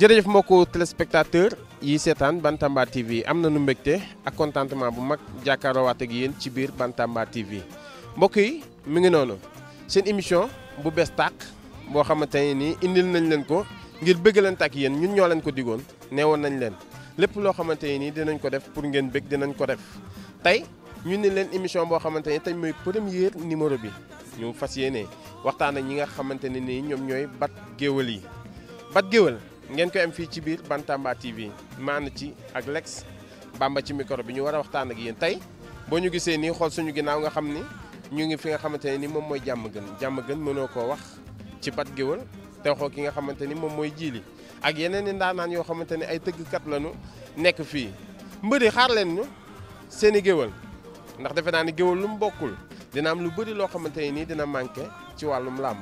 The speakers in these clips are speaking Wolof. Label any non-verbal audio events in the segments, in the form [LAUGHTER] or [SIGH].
jërëjëf mbokku téléspectateur yi seetaan Bantamba yi am na nu mbégte ak contentement bu mag jàkkaarloowaat ak yéen ci biir Bantamba TV mbokk yi mi ngi noonu seen émission bu bees tàq boo xamante ne nii indil nañ leen ko ngir leen ak yéen ñun ñoo leen ko digoon neewoon nañ leen lépp loo xamante ne nii dinañ ko def pour ngeen bëgg dinañ ko def tey ñu ni leen émission boo xamante ne tey mooy première numéro bi ñu fas yéene waxtaan ak ñi nga xamante ne nii ñoom ñooy bat géwël yi bat géwël ngeen koy am fii ci biir bi TV maana ci ak Lex Bamba ci micro bi ñu war a waxtaan ak yéen tey boo ñu gisee nii xool suñu ginnaaw nga xam ni ñu ngi fi nga xamante ne ni moom mooy jàmm gën jàmm gën mënoo koo wax ci bat géwël teexoo ki nga xamante ni moom mooy jiili ak yeneen i ndaanaan yoo xamante ni ay tëggkat lañu nekk fii mbëri xaar leen ñu seen i géwël ndax defe naa ni géwël lu mu bokkul dina am lu bëri loo xamante ni dina manqué ci wàllum làmb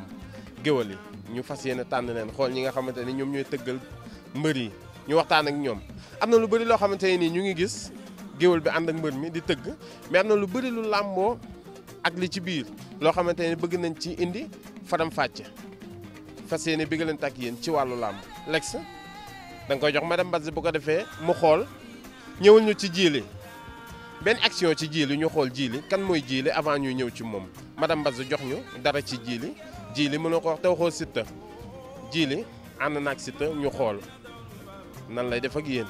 géwël yi ñu fas yéene tànn leen xool ñi nga xamante ni ñoom ñooy tëggal mbër yi ñu waxtaan ak ñoom am na lu bëri loo xamante ni ñu ngi gis géwël bi ànd ak mbër mi di tëgg mais am na lu bëri lu làmboo ak li ci biir loo xamante ni bëgg nañ ci indi faram fas yéene bi nga tàkk yéen ci wàllu làmb lex da nga koy jox madame Badji bu ko defee mu xool ñëwul ñu ci jiili benn action ci jiili ñu xool jiili kan mooy jiili avant ñuy ñëw ci moom madame Badji jox ñu dara ci jiili jiili mën na ko wax te waxoo Siteu jiili ànd na ak Siteu ñu xool nan lay def ak yéen.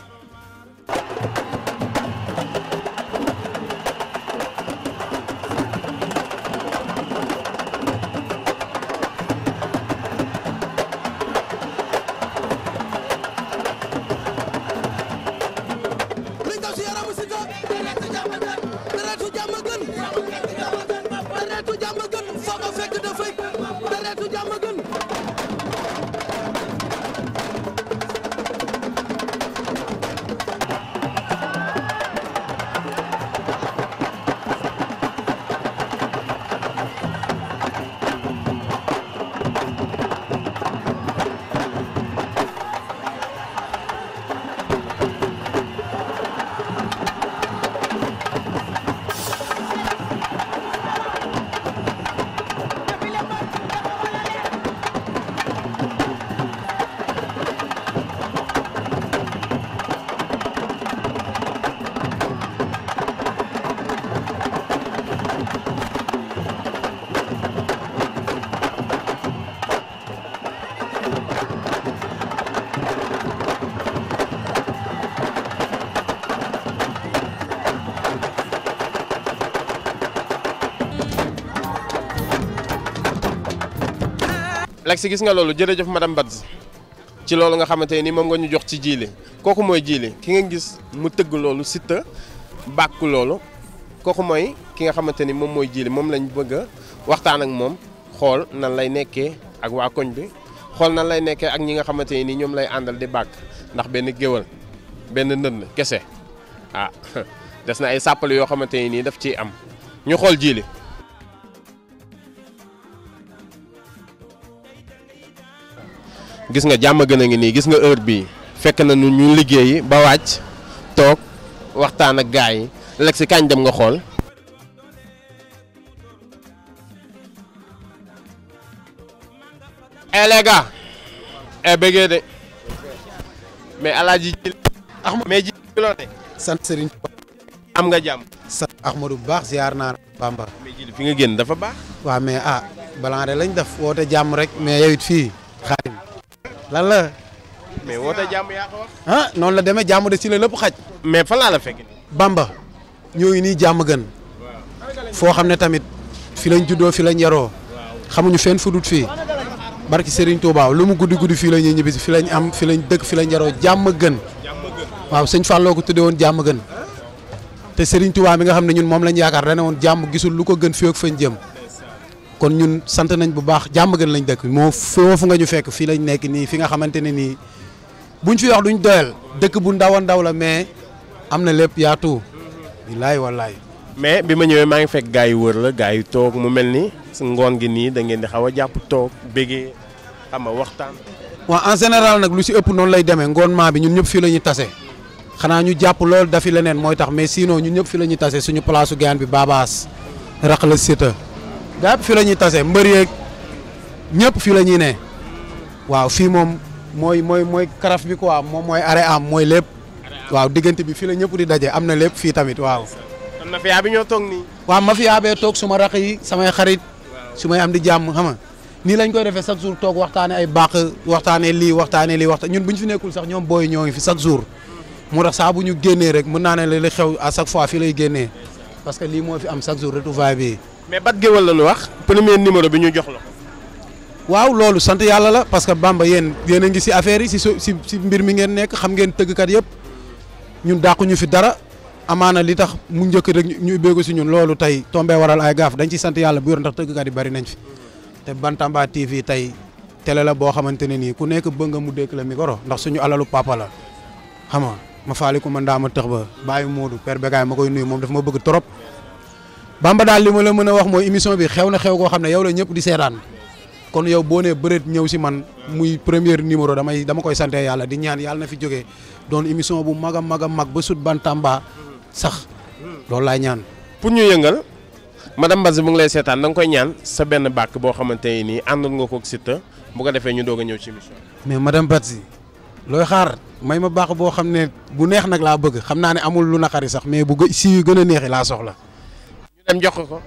si gis nga loolu jërëjëf madame Badz ci loolu nga xamante nii moom nga ñu jox ci jiile kooku mooy jiile ki nga gis mu tëgg loolu Siteu bàkk loolu kooku mooy ki nga xamante ni moom mooy jiile moom lañ bëgg waxtaan ak moom xool nan lay nekkee ak waa koñ bi xool nan lay nekkee ak ñi nga xamante ni ñoom lay àndal di bàkk ndax benn géwal benn ndënd kese ah [LAUGHS] des na ay sàppali yoo xamante ni daf ciy am ñu xool jiile. gis nga jàmm a gën a ngi nii gis nga heure bi fekk na nu ñu liggéeyi ba wàcc toog waxtaan ak gars yi lekk si kañ dem nga xool. eh les eh, bëggee de mais alaaji ji. mais am nga jàmm. sant Ahmadou bu baax ziar naa Bamba. mais ji fi nga génn dafa baax. waaw mais ah balaa lañ def woote jàmm rek mais yow fii. lan la. mais woote jàmm yaa ah, noonu la demee jàmm de si la lépp xaj. mais fan la fekk. Bamba ñoo ngi nii jàmm gën. foo xam ne tamit fi lañ juddoo fi lañ yaroo. xamuñu fenn fudut fii. barki Serigne Touba lu mu guddi guddi la ñuy ñibbisi fi lañ am fi lañ dëkk fi lañ yaroo jàmm gën. waaw sëñ Fallou ko tuddee woon jàmm gën. te Serigne Touba mi nga xam ne ñun moom lañ yaakaar dana woon jàmm gisul lu ko gën fii fañ jëm. kon ñun sant nañ bu baax jàmm gën lañ dëkk moo foofu nga ñu fekk fii lañu nekk nii fi nga xamante ne nii buñ fi wax duñ doyal dëkk bu ndaw ndaw la mais am na lépp yaatu. bilaay wallaay. mais bi ma ñëwee maa ngi fekk gaa yi wër la gaa yi toog mu mel ni ngoon gi nii da ngeen di xaw a jàpp toog bégee xam waxtaan. waa en général nag lu si ëpp noonu lay demee ngoon maa bi ñun ñëpp fii la ñuy tase xanaa ñu jàpp loolu dafi leneen mooy tax mais sinon ñun ñëpp fii la ñuy tase suñu place su bi baabaas rax la sita gaa yëpp fii la ñuy tase mbër yeeg ñëpp fii la ñuy ne waaw fii moom mooy mooy mooy karaf bi quoi moom mooy are am mooy lépp waaw diggante bi fii la ñëpp di daje am na lépp fi tamit waaw. kon mafia bi ñoo toog nii. waaw mafia bee toog suma rakk yi samay xarit su may am di jàmm xam nga nii lañ koy defee chaque jour toog waxtaanee ay bàq waxtaanee lii waxtaanee ñun bu ñu fi nekkul sax ñoom booy ñoo ngi fi chaque jour. moo tax saa bu ñu génnee rek mën naa ne li xew à chaque fois fii lay génnee parce que lii moo fi am chaque jour retrouvaille bi mais bat géwal la lu wax premier numéro bi ñu jox la waaw loolu sant yàlla la parce que Bamba yéen yéen a ngi si affaire yi si si si mbir mi ngeen nekk xam ngeen kat yëpp ñun dàqu ñu fi dara amaana li tax mu njëkk rek ñu ubbeeku si ñun loolu tey tombé waral ay gaaf dañ ci sant yàlla bu yor ndax tëggkat yi bari nañ fi te Bantamba TV tey tele la boo xamante ne nii ku nekk bëgg nga mu dékk la micro ndax suñu alalu papa la xam nga ma faaliku man daa ma tëx ba bàyyi Moodu père Begaay ma koy nuyu moom dafa ma bëgg trop. Bamba daal li ma la mën a wax mooy émission bi xew na xew koo xam ne yow la ñëpp di seetaan kon yow boo nee bëreet ñëw si man muy premier numéro damay dama koy sante yàlla di ñaan yàlla na fi jógee doon émission bu mag a mag a mag ba sut bantamba sax loolu laay ñaan. pour ñu yëngal madame Mbaz mu ngi lay seetaan da nga koy ñaan sa benn bàkk boo xamante ne nii àndoon nga ko ak Siteu ko defee ñu doog a ñëw si émission mais madame Mbaz looy xaar may ma baax boo xam ne bu neex nag laa bëgg xam naa ne amul lu naqari sax mais bu si yu gën a neexee laa soxla. dem jox ko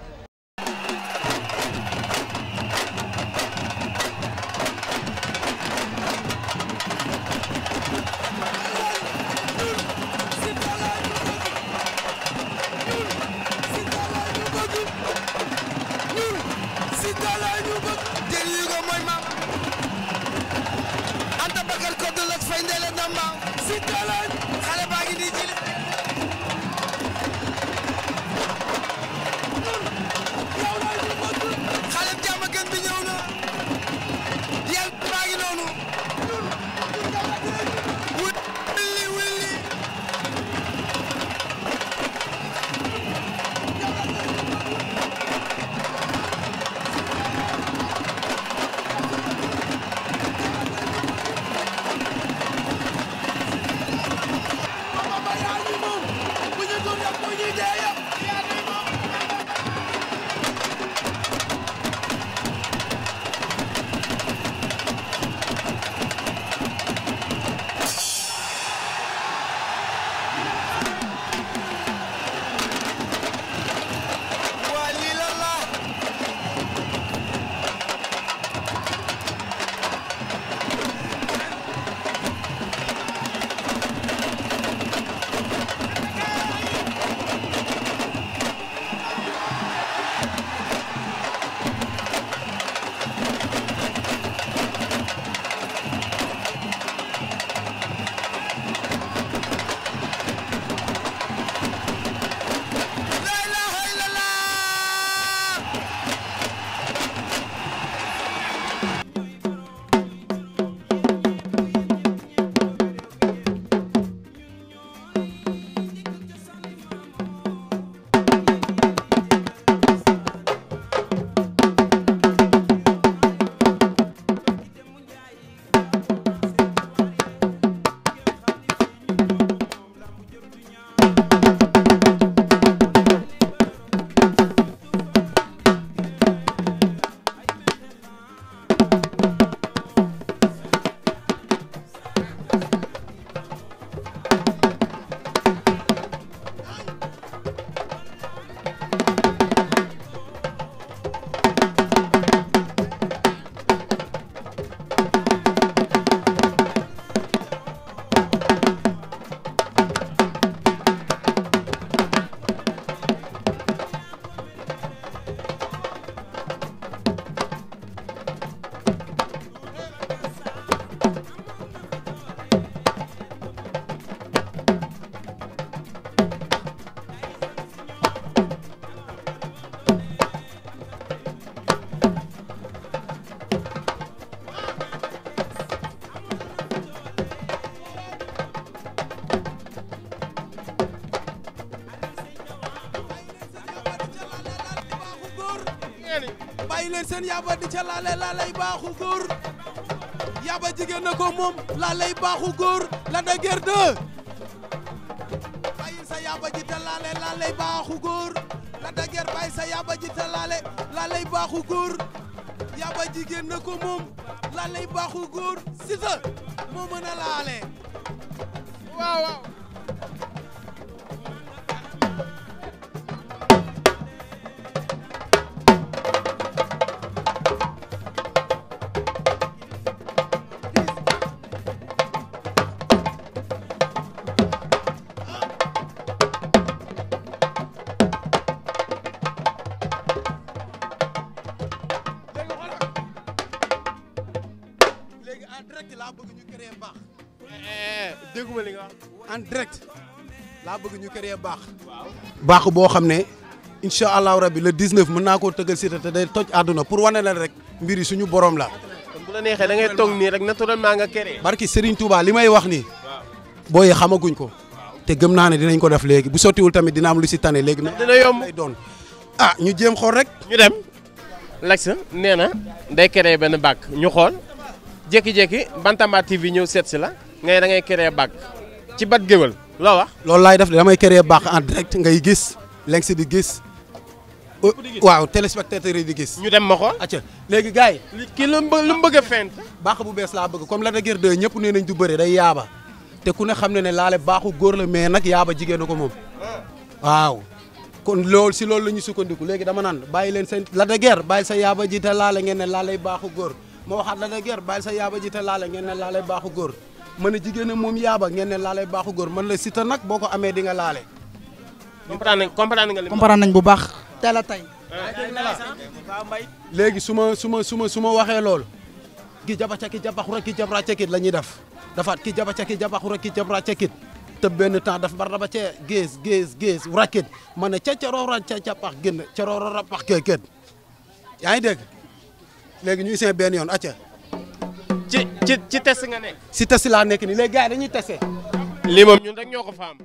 seen yaaba di ca laale laalay baaxu góor yaaba jigéen na ko moom laalay baaxu góor la da guerre de sa yaaba ji ta laale laalay baaxu góor la da guerre sa yaaba ji ta laale laalay baaxu góor yaaba jigéen na ko moom laalay baaxu góor si moo mën a laale waaw waaw créer baax. baax boo xam ne incha allahu rabi la 19 mën naa koo tëggal Siteu te day toj àdduna pour wane leen rek mbir yi suñu borom la. bu la neexee da ngay toog nii rek naturellement nga créer. barki Serigne Touba li may wax nii. booy xamaguñ ko. te gëm naa ne dinañ ko def léegi bu sottiwul tamit dina am lu si tane léegi. dina yomb lay doon ah ñu jéem xool rek. ñu dem. Lax nee na day kere benn bàq ñu xool jékki-jékki Bantamba TV ñëw seet si la ngay da ngay créer bàq ci bat géwël loo wax laay def de damay créer baax en direct ngay gis leng si di gis. Euh, waaw téléspectateur yi di gis. ñu dem ma xool acca léegi gars yi. kii lu mu bëgg a feeñ. baax bu bees laa bëgg comme la guerre 2 ñëpp nee nañ du bëre day yaaba te ku ne xam ne ne laale baaxu góor la mais nag yaaba jigéen na ko moom. Ah. waaw kon loolu si loolu la ñu sukkandiku léegi dama naan bàyyi leen seen la guerre bàyyi sa yaaba ji te laale ngeen ne laalay baaxu góor ma waxaat la guerre bàyyi sa yaaba ji te laale ngeen baaxu góor. man a jigéen moom yaaba ngeen ne laale baaxu góor man la Siteu nag boo ko amee di nga laale. comprendre nañ comprendre nga li nañ bu baax. teel tey. léegi su ma su ma su su ma waxee lool gi jaba ca ki jabaxu rek ki jabra ca la ñuy def dafaat ki jaba ca ki jabaxu rek ki jabra ca kit te benn temps daf bar daba ca gees gees gees rakkit ma ne ca ca roora ca ca pax génn ca pax kee kët yaa ngi dégg léegi ñuy isee benn yoon acca ci ci ci test nga ne si test laa nekk ni léegi gars yi dañuy testé. lii moom ñun rek ñoo ko faam.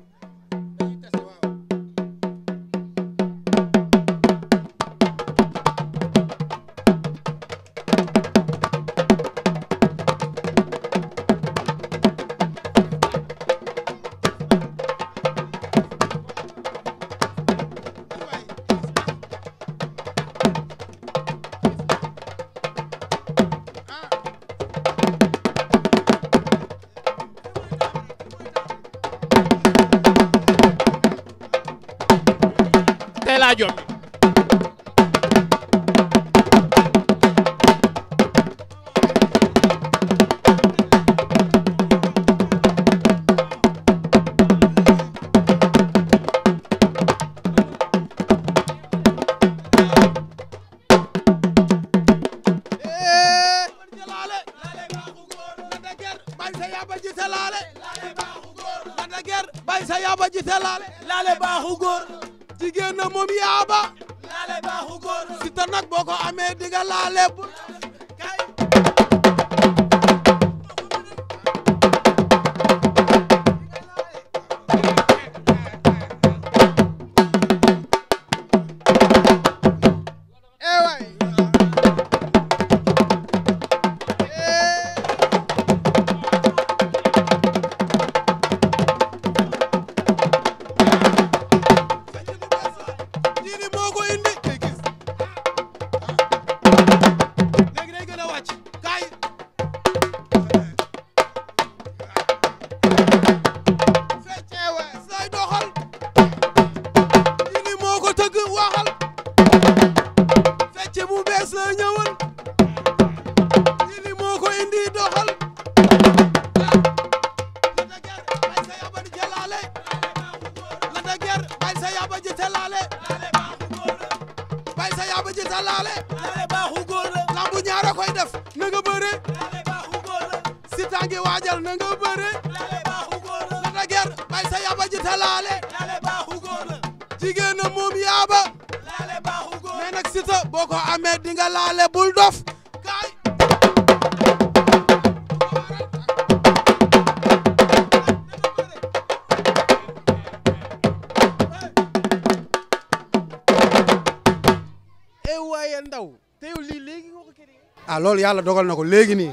yàlla dogal na ko léegi nii.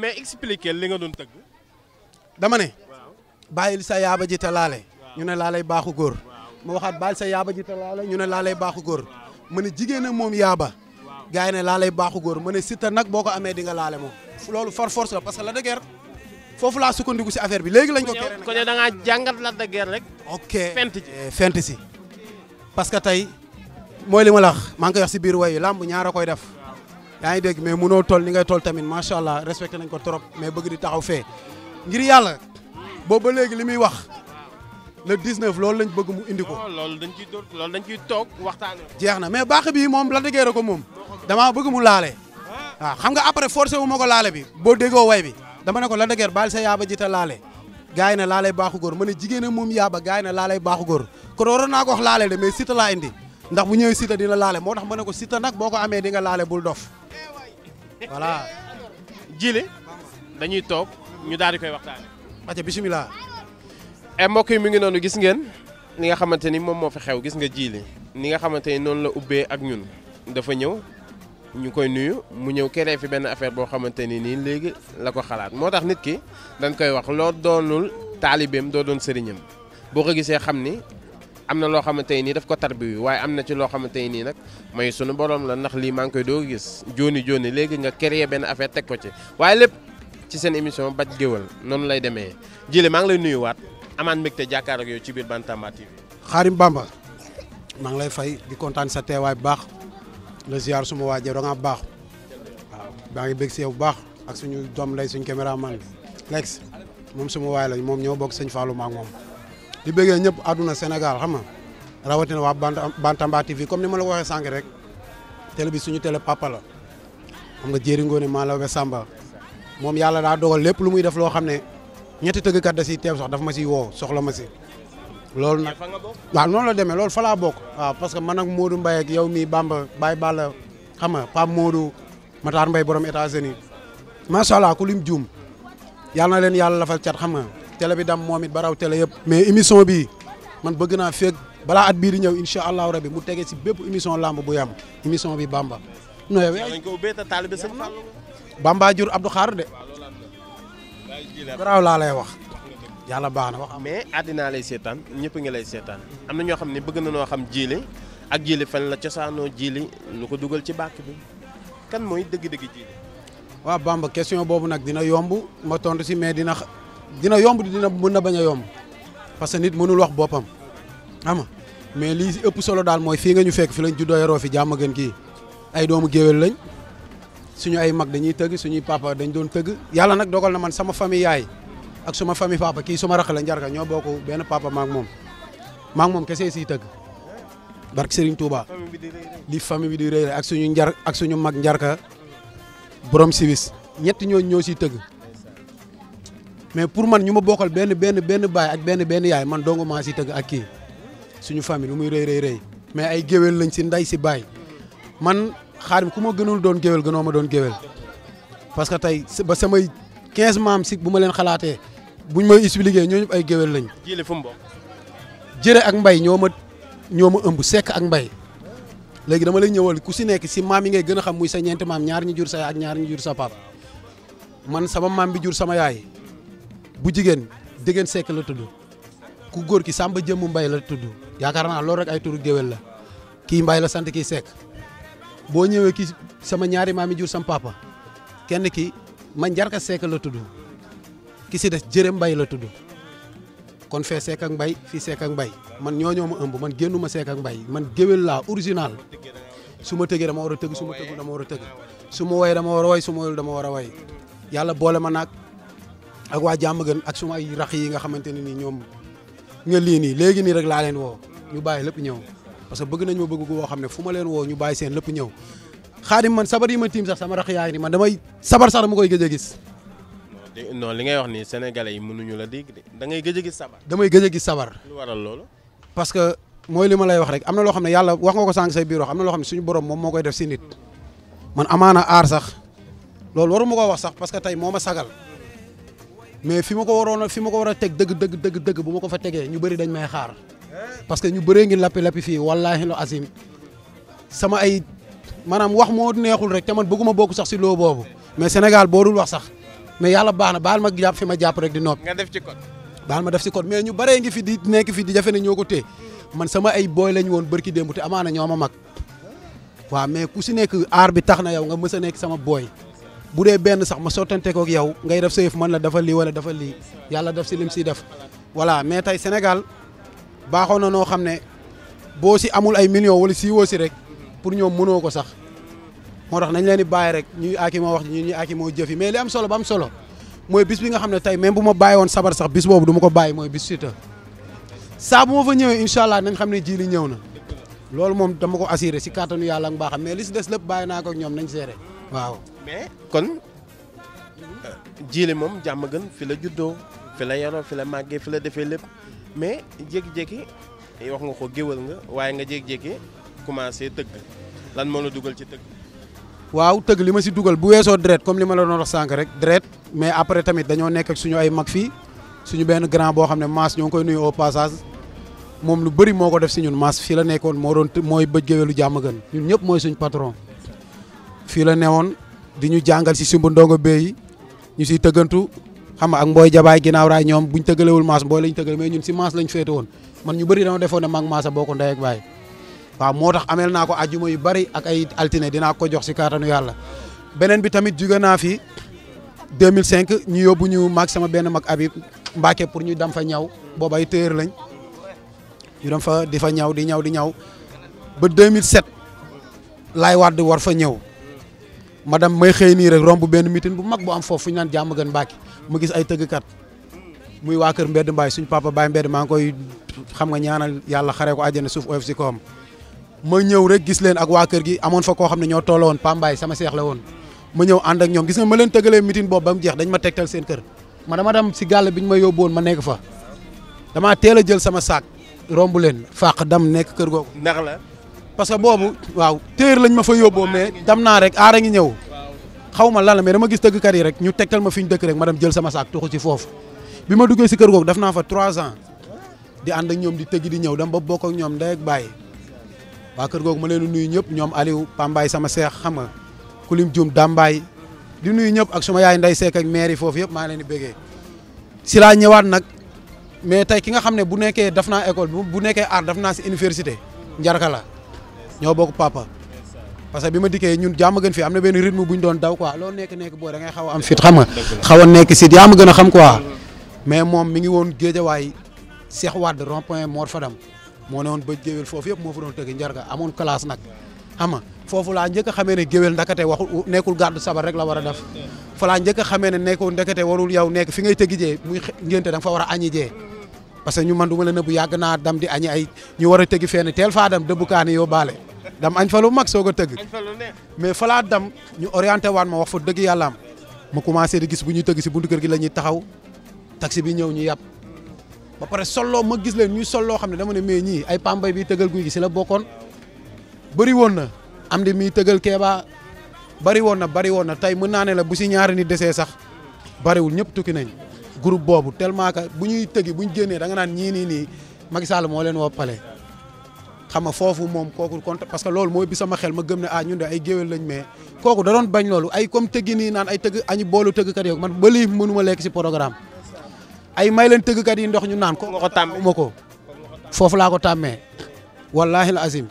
mais expliquer li nga doon tëgg. dama ne. bàyyil sa yaaba ji te laale. ñu ne laalay baaxu góor. ma waxaat bàyyil sa yaaba ji te laale ñu ne laalay baaxu góor. ma ne jigéen moom yaaba. gaa yi ne laalay baaxu góor ma ne Siteu nag boo ko amee di nga laale moom. loolu far force la parce que la de guerre. foofu laa sukkandiku si affaire bi léegi lañ ko. kéré kon yow da ngaa jàngat la de guerre rek. ok fent si. Eh, parce que tey mooy li ma la man maa ngi si biir wayu làmb ñaara koy def. yaa ngi dégg mais munoo toll ni ngay toll tamit macha allah respecté nañ ko trop mais bëgg di taxaw fee ngir yàlla boobu ba léegi li muy wax le 19 lool lañ bëgg mu indi ko. loolu dañ ciy loolu dañ ciy toog waxtaanee jeex na mais baax bi moom la dëggee ko moom damaa bëgg mu laale. Ah. waaw xam nga après forcé wu ma ko laale bi boo déggoo way bi dama ne ko la dëgër baal sa yaaba jita laale. gaay na laalay baaxu góor ma ne jigéen a moom yaaba gaay na laalay baaxu góor kon waroon naa ko laale de mais sita laa ndax bu ñëwee sita dina laale moo tax ma ne ko sita nag boo ko amee di laale bul dof voilà jile dañuy toog ñu daal di koy waxtaane aca bisimilah e eh, mbokk yi mi ngi noonu gis ngeen li nga xamante ni moom moo fi xew gis nga jili ni nga xamante ni noonu la ubbee ak ñun dafa ñëw ñu koy nuyu mu ñëw keree fi benn affaire boo xamante ni nii léegi la ko xalaat moo tax nit ki dañ koy wax loo doonul taalibeem doo doon sëriñam boo ko gisee xam ni am na loo xamante nii daf ko tarbi waaye am na ci loo xamante nii nag may sunu boroom la ndax lii maa ngi koy doo gis jooni jooni léegi nga créer benn affaire teg ko ci waaye lépp ci seen émission Bac Gueweul noonu lay demee jile maa ngi lay nuyuwaat amaat mbégte jàkkaar ak yow ci biir banta Bantamba xaari Xarim Bamba maa ngi lay fay di kontaan sa teewaay bu baax la ziar suma waajee da ngaa baax waaw maa ngi bég si bu baax ak suñu doom lay suñu caméraman Lex moom suma waay la moom ñoo bokk sëñ Fallou ma di bëggee ñëpp àdduna Sénégal xam nga rawatina waa Bantamba TV comme ni ma la waxee sànq rek télé bi suñu télé papa la xam nga Jéeri Ngoone Malaw Samba moom yàlla daa dogal lépp lu muy def loo xam ne ñetti tëggkat da siy teew sax dafa ma siy woo soxla ma si. loolu nag waaw noonu la demee loolu fa bokk. waaw parce que man ak Modou mbay ak yow mii Bamba Baye Balla xam nga Pape Modou Matar Mbaye borom États-Unis macha allah ku lim juum yàlla na leen yàlla lafal cat xam nga. télé bi dam moom it ba raw télé yëpp mais émission bi man bëgg naa feeg balaa at bii ñëw incha allahu rabi mu tege si bépp émission lamb bu yam émission bi Bamba. non yow yaa ko ubbee te taalibe sëñ Fallou Bamba jur Abdou Khare de. garaaw laa lay wax. yàlla baax na wax mais àddina lay seetaan ñëpp ngi lay seetaan am na ñoo xam ne bëgg na noo xam jiile ak jiile fan la cosaanoo jiile lu ko dugal ci bàkk bi kan mooy dëgg-dëgg jiile. waaw Bamba question boobu nag dina yomb ma tontu si mais dina dina yomb dina mën na bañ a yomb parce que nit mënul wax boppam ama nga mais lii si ëpp solo daal mooy fii nga ñu fekk fi lañ juddoo yaroo fi jàmm gën kii ay doomu géwél lañ suñu ay mag dañuy tëgg suñuy papa dañ doon tëgg yàlla nag dogal na man sama famille yaay ak suma famille papa kii suma rakk la njarka ñoo bokk benn papa maak moom maak moom kese siy tëgg barke Serigne Touba li famille bi di rëy ak suñu njar ak suñu mag njarka borom siwis ñett ñooñu ñoo siy tëgg mais pour man ñu ma bokkal benn benn benn baay ak benn benn yaay man dong maa si tëgg ak kii suñu famille lu muy rëy rëy rëy mais ay géwél lañ si nday si baay man xaarim ku ma gënul doon géwél gënoo ma doon géwél parce que tey ba samay 15 maam si bu ma leen xalaatee bu may expliquer ñoo ñëpp ay géwél lañ. jële fu jëre ak mbay ñoo ma ñoo ma ëmb sekk ak mbay léegi dama lay ñëwal ku si nekk si maam yi ngay gën a xam muy sa ñeent maam ñaar ñu jur sa yaay ak ñaar ñu jur sa papa man sama maam bi jur sama yaay. bu jigéen Dégéen Seck la tudd ku góor ki Samba Jëmm Mbay la tudd yaakaar naa loolu rek ay turu géwél la kii Mbay la sant kii Seck boo ñëwee ki sama ñaari maam yi jur sama papa kenn ki man Njarka Seck la tudd ki si des Jërë Mbay la tudd kon fee Seck ak Mbay fii Seck ak Mbay man ñooñoo ma ëmb man génnuma Seck ak Mbay man géwél laa original su ma tëgee dama war a tëgg su tëggul dama war a tëgg suma ma woy dama war a woy su ma woyul dama war a woy yàlla boole ma nag ak waa jàmm gën ak sumay rax yi nga xamante ne ni ñoom nga lii nii léegi nii rek laa leen woo ñu bàyyi lépp ñëw parce que bëgg nañ ma bëgg woo xam ne fu ma leen woo ñu bàyyi seen lépp ñëw xaadim man sabar yi ma tiim sax sama rax yaa ngi nii man damay sabar sax dama koy gëj a gis non li ngay wax ni sénégalais yi mënuñu la dégg da ngay gëj gis sabar damay gëj gis sabar waral loolu parce que mooy li ma lay wax rek am na loo xam ne yàlla wax nga ko sànq say biir wax am na loo xam ne suñu borom moom moo koy def si nit man a aar sax loolu waru ko wax sax parce que tey moo ma sagal mais fi ma ko waroon a fi ma ko war a teg dëgg dëgg dëgg bu ma ko fa tegee ñu bëri dañ may xaar parce que ñu bëree ngi lappi lappi fii wallaahi lu azim sama ay maanaam wax moo neexul rek te man bëgguma bokk sax si loo boobu mais Sénégal boo dul wax sax mais yàlla baax na baal ma jàpp fi ma jàpp rek di noppi. nga def ci code. baal ma def si code mais ñu bëree ngi fi di nekk di jafe ne ko téye man sama ay booy lañ woon bërki démb te amaana ñoo ma mag waaw mais ku si nekk aar bi tax na yow nga mës a nekk sama booy. bu dee benn sax ma sottante kook yow ngay def sa yëf man la dafa lii wala dafa lii yàlla def si lim si def voilà mais tey Sénégal baaxoo na noo xam ne boo si amul ay millions wala siiwoo si rek pour ñoom mënoo ko sax moo tax nañ leen di rek ñuy aaki moo wax ñu ñuy aaki moo jëfi mais li am solo bam solo mooy bis bi nga xam ne tey même bu ma bàyyi woon sabar sax bis boobu du ma ko bàyyi mooy bis Siteu saa bu ma fa ñëwee incha allah nañ xam ne ji li ñëw na loolu moom dama ko assuré si kàttanu yàlla ak mbaaxam mais des lépp bàyyi naa ko ñoom nañ seere waaw kon jiile moom jàmm gën fi la juddoo fi la yaroo fi la màggee fi la defee lépp mais jékki-jékki wax nga ko géwal nga waaye nga jékki-jékki commencé tëgg lan moo la dugal ci tëgg. waaw tëgg li ma si dugal bu weesoo dret comme li ma la doon wax sànq rek dret mais après tamit dañoo nekk suñu ay mag fii suñu benn grand boo xam ne maas ñoo ngi koy nuyu au moom lu bari moo ko def si ñun maas fii la nekkoon moo doon mooy bëj géwélu jàmm gën ñun ñëpp mooy suñu patron fii la newoon di ñu jàngal si sumb ndongo bee yi ñu siy tëggantu xam nga ak mbooy jabaay ginnaaw raay ñoom buñ tëggalewul maas mbooy lañ tëggal mais ñun si maas lañ féete woon man ñu bëri dama defoon ne maag maasa boo ko ndey baay waaw moo tax ameel naa ko ajjuma yu bëri ak ay altine dinaa ko jox si kaatanu yàlla beneen bi tamit jóge naa fi 2005 ñu yóbbu ñu maag sama benn mag abi Mbacke pour ñu dem fa ñaw boobu ay téer lañ ñu dem fa di fa ñaw di ñaw di ñaw ba 2007 laay wadd war fa ñëw ma dem may xëy nii rek romb benn mitin bu mag bu am foofu fu ñu naan jàmm gën Mbacke mu gis ay tëggkat muy waa kër Mbedd Mbaay suñu papa Baye Mbedd maa ngi koy xam nga ñaanal yàlla xaree ko àjjana suuf oyof si kawam ma ñëw rek gis leen ak waa kër gi amoon fa koo xam ne ñoo tolloo woon Pambaay sama la woon ma ñëw ànd ak ñoom gis nga ma leen tëggalee mitin boobu ba mu jeex dañ ma tegtal seen kër ma dama si gàll bi ñu ma yóbbu woon ma nekk fa damaa teel a jël sama saak romb leen fàq dam nekk kër googu ndax la parce que boobu waaw téer lañ ma fa yóbboo ma dam naa rek aara ngi ñëw xaw ma lan la mais dama gis tëggkat yi rek ñu tegtal ma fi ñu dëkk rek ma dem jël sama saak tuxu ci foofu bi ma duggee si kër googu def naa fa trois ans di ànd ñoom di tëggi di ñëw dama ba bokk ak ñoom ndey bàyyi waa kër googu ma leen di nuyu ñëpp ñoom Aliou Pambaay sama seex xam nga Kulim Dioum Dambaay di nuyu ñëpp ak suma yaay nday seek ak maire yi foofu yëpp maa leen di bégee si laa ñëwaat nag mais tey ki nga xam ne bu nekkee daf naa école bu nekkee art daf naa si université njarka la ñoo bokk papa parce que bi ma dikkee ñun jàmm gën fi am na benn rythme bu doon daw quoi loo nekk nekk boo da ngay xaw a am fit xam xaw a nekk si yaa ma gën a xam quoi mais moom mi ngi woon géejawaay Cheikh Wade rond point Mor Fadam moo ne woon bëj géwél foofu yëpp moo fa doon tëgg njarga amoon classe nag xam nga foofu laa njëkk xamee ne géwél ndakate waxul nekkul gàddu sabar rek la war a def fa laa njëkk xamee ne nekkul ndakate warul yow nekk fi ngay tëggi jee muy ngénte da nga a añi jee parce ñu man du ma la nëbbu yàgg naa dam di añi ñu war a tëggi fenn teel faa dem dëbbukaani yoo baale dam añ fa lu mag soog a tëgg mais fa laa dam ñu orienté waan ma wax fa dëgg yàllaam ma commencé di gis bu ñuy tëgg si buntu kër gi la ñuy taxaw taxi bi ñëw ñu yàpp ba pare solloo ma gis leen ñuy solloo xam ne dama ne mais ñii ay pambay bi tëggal guy gi si la bokkoon bëri woon na am di miy tëggal keebaa bëri woon na bëri woon na tey mën naa ne la bu si ñaari ni desee sax bëriwul ñëpp tukki nañ groupe boobu tellement que bu ñuy tëggi bu ñu génnee da nga naan ñii nii nii Macky Sall moo leen woo xam nga foofu moom kooku kon parce que loolu mooy bi sama xel ma gëm ne ah ñun de ay géwél lañ mais kooku da doon bañ loolu ay comme tëggi nii naan ay tëgg ay may leen tëggkat yi ndox ñu naan ko ma ko foofu laa ko tàmmee wallaahi la azim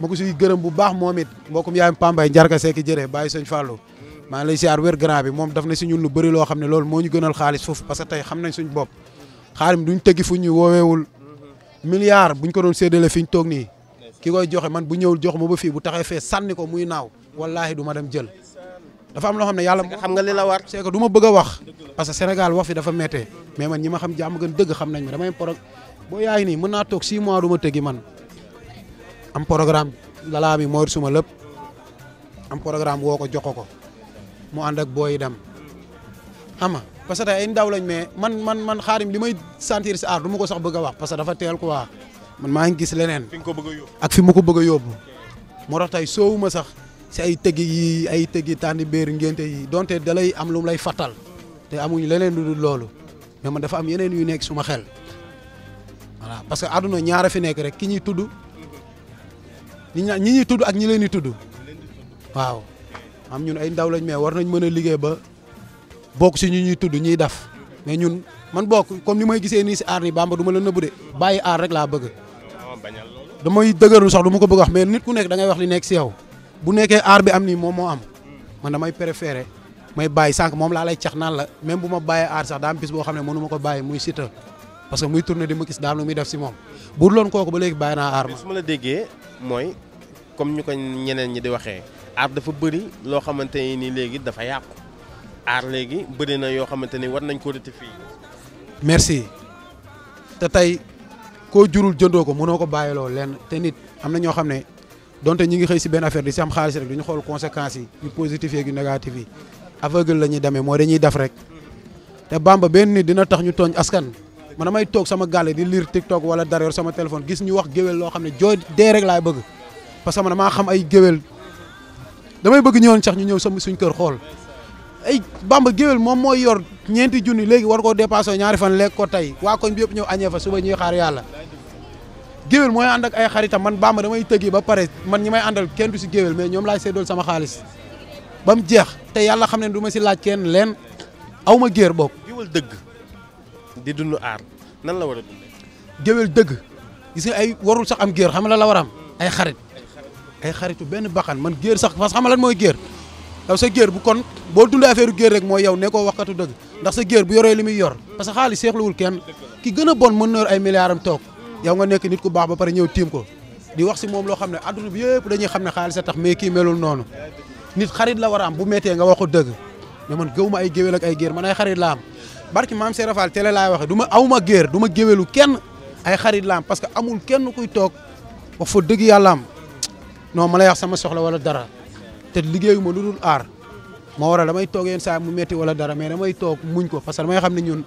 ma ko siy gërëm bu baax moom it mbokkum yaayam Pambay njarka seeki jëree bàyyi sëñ Fallou maa ngi lay siyaar wér grand bi moom daf na si ñun lu bëri loo xam ne loolu moo ñu gënal xaalis foofu parce que tey xam nañ suñ bopp xaalim duñ tëggi fu ñu wooweewul milliard ñu ko doon séddale fi ñu toog nii ki koy joxe man bu ñëwul jox ma ba fii bu taxee fee sànni ko muy naaw wallaahi du ma dem jël dafa am loo xam ne yàlla xam nga li la war c'est que du ma bëgg wax parce que Sénégal wax fi dafa mete mais man ñi ma xam jàmm gën dëgg xam nañ ma damay pro boo yaay nii mën naa toog 6 mois du ma tëggi man am programme lalaa mi mooy suma lépp am programme woo ko jox ko mu ànd ak booy dem ama parce que ay ndaw lañ mais man man man xaarim li may sentir si aar du ma ko sax bëgg a wax parce que dafa teel quoi man maa ngi gis leneen. fi nga ko ak fi mu ko bëgg a yóbbu. moo tax tey soowu ma sax si ay tëgg yi ay tëgg yi tànn béer ngénte yi donte da lay am lu lay fattal te amuñu leneen lu loolu ma man dafa am yeneen yu nekk suma xel voilà parce que àdduna ñaara fi nekk rek ki ñuy tudd ñi ñi ñuy tudd ak ñi leen di tudd waaw am ñun ay ndaw lañ mais war nañ mën a liggéey ba. bokk si ñu ñuy tudd ñuy daf mais ñun man bokk comme ni may gisee nii si aar ni bamba du ma la nëbb de bàyyi aar rek laa bëgg damay dëgërlu sax du ma ko bëgg wax mais nit ku nekk da ngay wax li nekk si yow bu nekkee aar bi am nii moom moo am man damay préféré may bàyyi sànq moom laa lay cax naan la même bu ma bàyyee aar sax daa bis boo xam ne mënuma ko bàyyi muy Siteu parce que muy tourné di ma gis daam muy def si moom bu dul woon kooku ba léegi bàyyi naa aar ma. mooy comme ñu ko ñeneen ñi di waxee aar dafa bëri loo xamante ni léegi dafa yàqu. aar léegi bëri na yoo xamante ni war nañ koo ko rectifier merci te tey koo jurul jëndoo ko mënoo ko bàyyiloo lenn te nit am na ñoo xam ne donte ñu ngi xëy si benn affaire di si am xaalis rek du ñu xool conséquences yi yu positif yeeg yu négatif yi aveugle la ñuy demee mooy dañuy def rek te ba benn nit dina tax ñu tooñ askan man damay toog sama gàlle di lire TikTok wala dara sama téléphone gis ñu wax géwél loo xam ne jooy dee rek laay bëgg parce que man damaa xam ay géwél damay bëgg ñëwoon sax ñu ñëw sama suñ kër xool ay bamba géwél moom mooy yor ñeenti junni léegi war koo dépassé ñaari fan lekk ko tey waa koñ bi yëpp ñëw añee fa suba ñuy xaar yàlla géwél mooy ànd ak ay xaritam man bamba damay tëggi ba pare man ñi may àndal kenn du si géwél mais ñoom laay seddool sama xaalis ba mu jeex te yàlla xam ne duma si laaj kenn leen aw ma géer bokk géwél dëgg dund aar nan la war a dundee dëgg gis ay warul sax am géer xam la la war am ay xarit ay xaritu benn baxan man géer sax parce que xam lan mooy géer yow sa géer bu kon boo dundee affaire géer rek mooy yow ne koo waxkatu dëgg ndax sa géer bu yoree li muy yor parce que xaalis seexluwul kenn ki gën a bon mën na ay milliards toog yow nga nekk nit ku baax ba pare ñëw tiim ko di wax si moom loo xam ne adduna bi yëpp dañuy xam ne xaalis a tax ki kii noonu nit xarit la war a am bu méttee nga waxu dëgg mais man gëwuma ay géwél ak ay géer man ay xarit la am barki maam Serafal télé laay waxe du ma awuma géer du ma géwélu kenn ay xarit la parce que amul kenn kuy toog wax fa dëgg yàlla am non ma lay wax sama soxla wala dara te liggéeyuma lu dul aar moo waral damay toog yenn saa mu metti wala dara mais damay toog muñ ko parce que damay xam ne ñun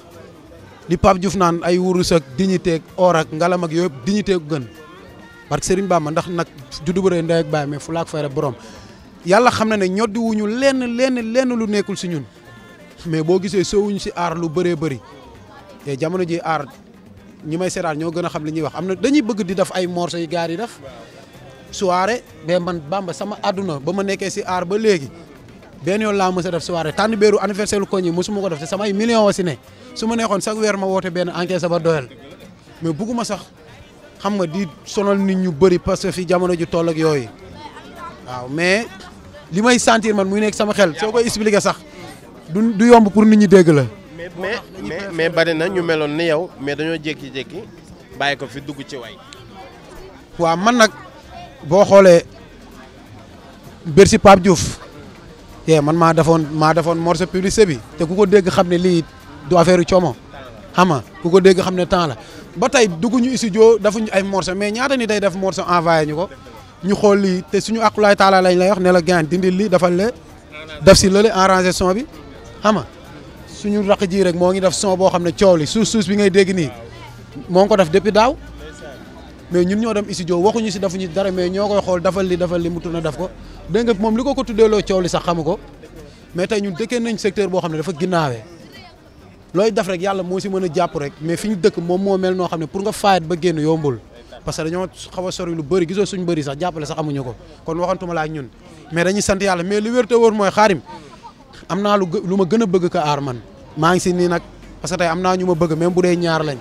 li Pape Diouf naan ay wurus di dignité ak or ak ngalam ak yooyu yëpp dignité gu gën parce que Serigne Bamba ndax nag juddu bu rëy ndey ak baay mais borom yàlla xam na ne ñoddi wuñu lenn lenn lenn lu nekkul si ñun mais boo gisee sowuñu si aar lu bëree bëri te jamono ji aar ñu may seeraat ñoo gën a xam li ñuy wax am na dañuy bëgg di def ay morceaux yu gaar yi def soirée mais man Bamba sama àdduna ba ma nekkee si aar ba léegi benn yoon laa mës a def soirée tànn beeru anniversaire lu ko ñi mosuma ko def te samay million wa ne su ma neexoon chaque weer ma woote benn enquête sa ba doyal mais bugguma sax xam nga di sonal nit ñu bëri parce que fi jamono ju toll ak yooyu waaw mais li may sentir man muy nekk sama xel soo koy expliquer sax du du yomb pour nit ñi dégg la. mais mais mais bari na ñu meloon ni yow mais dañoo jékki-jékki bàyyi ko fi dugg ci way boo xoolee Bercy Pape Diouf yee man maa defoon maa defoon morceau publicité bi te ku ko dégg xam ne lii du affaire coomo xam nga ku ko dégg xam ne temps la ba tey dugguñu studio defuñu ay morceau mais ñaata ni day def morceau envoyé ñu ko ñu xool lii te suñu akulaay taala lañ lay wax ne la gaan dindil lii dafa le def si lële arrangé son bi xam nga suñu raq ji rek moo ngi def son boo xam ne coow li suus suus bi ngay dégg nii moo ngi ko def depuis daaw mais ñun ñoo dem studio waxuñu si defuñu dara mais ñoo ko xool dafal li dafal li mu tourné def ko dégg nga moom li ko ko tuddeeloo coow li sax xamu ko mais tey ñun dëkkee nañ secteur boo xam ne dafa ginnaawee looy def rek yàlla moo si mën a jàpp rek mais fi ñu dëkk moom moo mel noo xam ne pour nga faayat ba génn yombul parce que dañoo xaw a sori lu bëri gisoo suñ bëri sax jàppale sax amuñu ko kon waxantuma laa ñun mais dañuy sant yàlla mais li wér te wóor mooy xaarim am naa lu lu ma gën a bëgg ka aar man maa ngi si nii nag parce que tey am naa ñu ma bëgg même bu dee ñaar lañ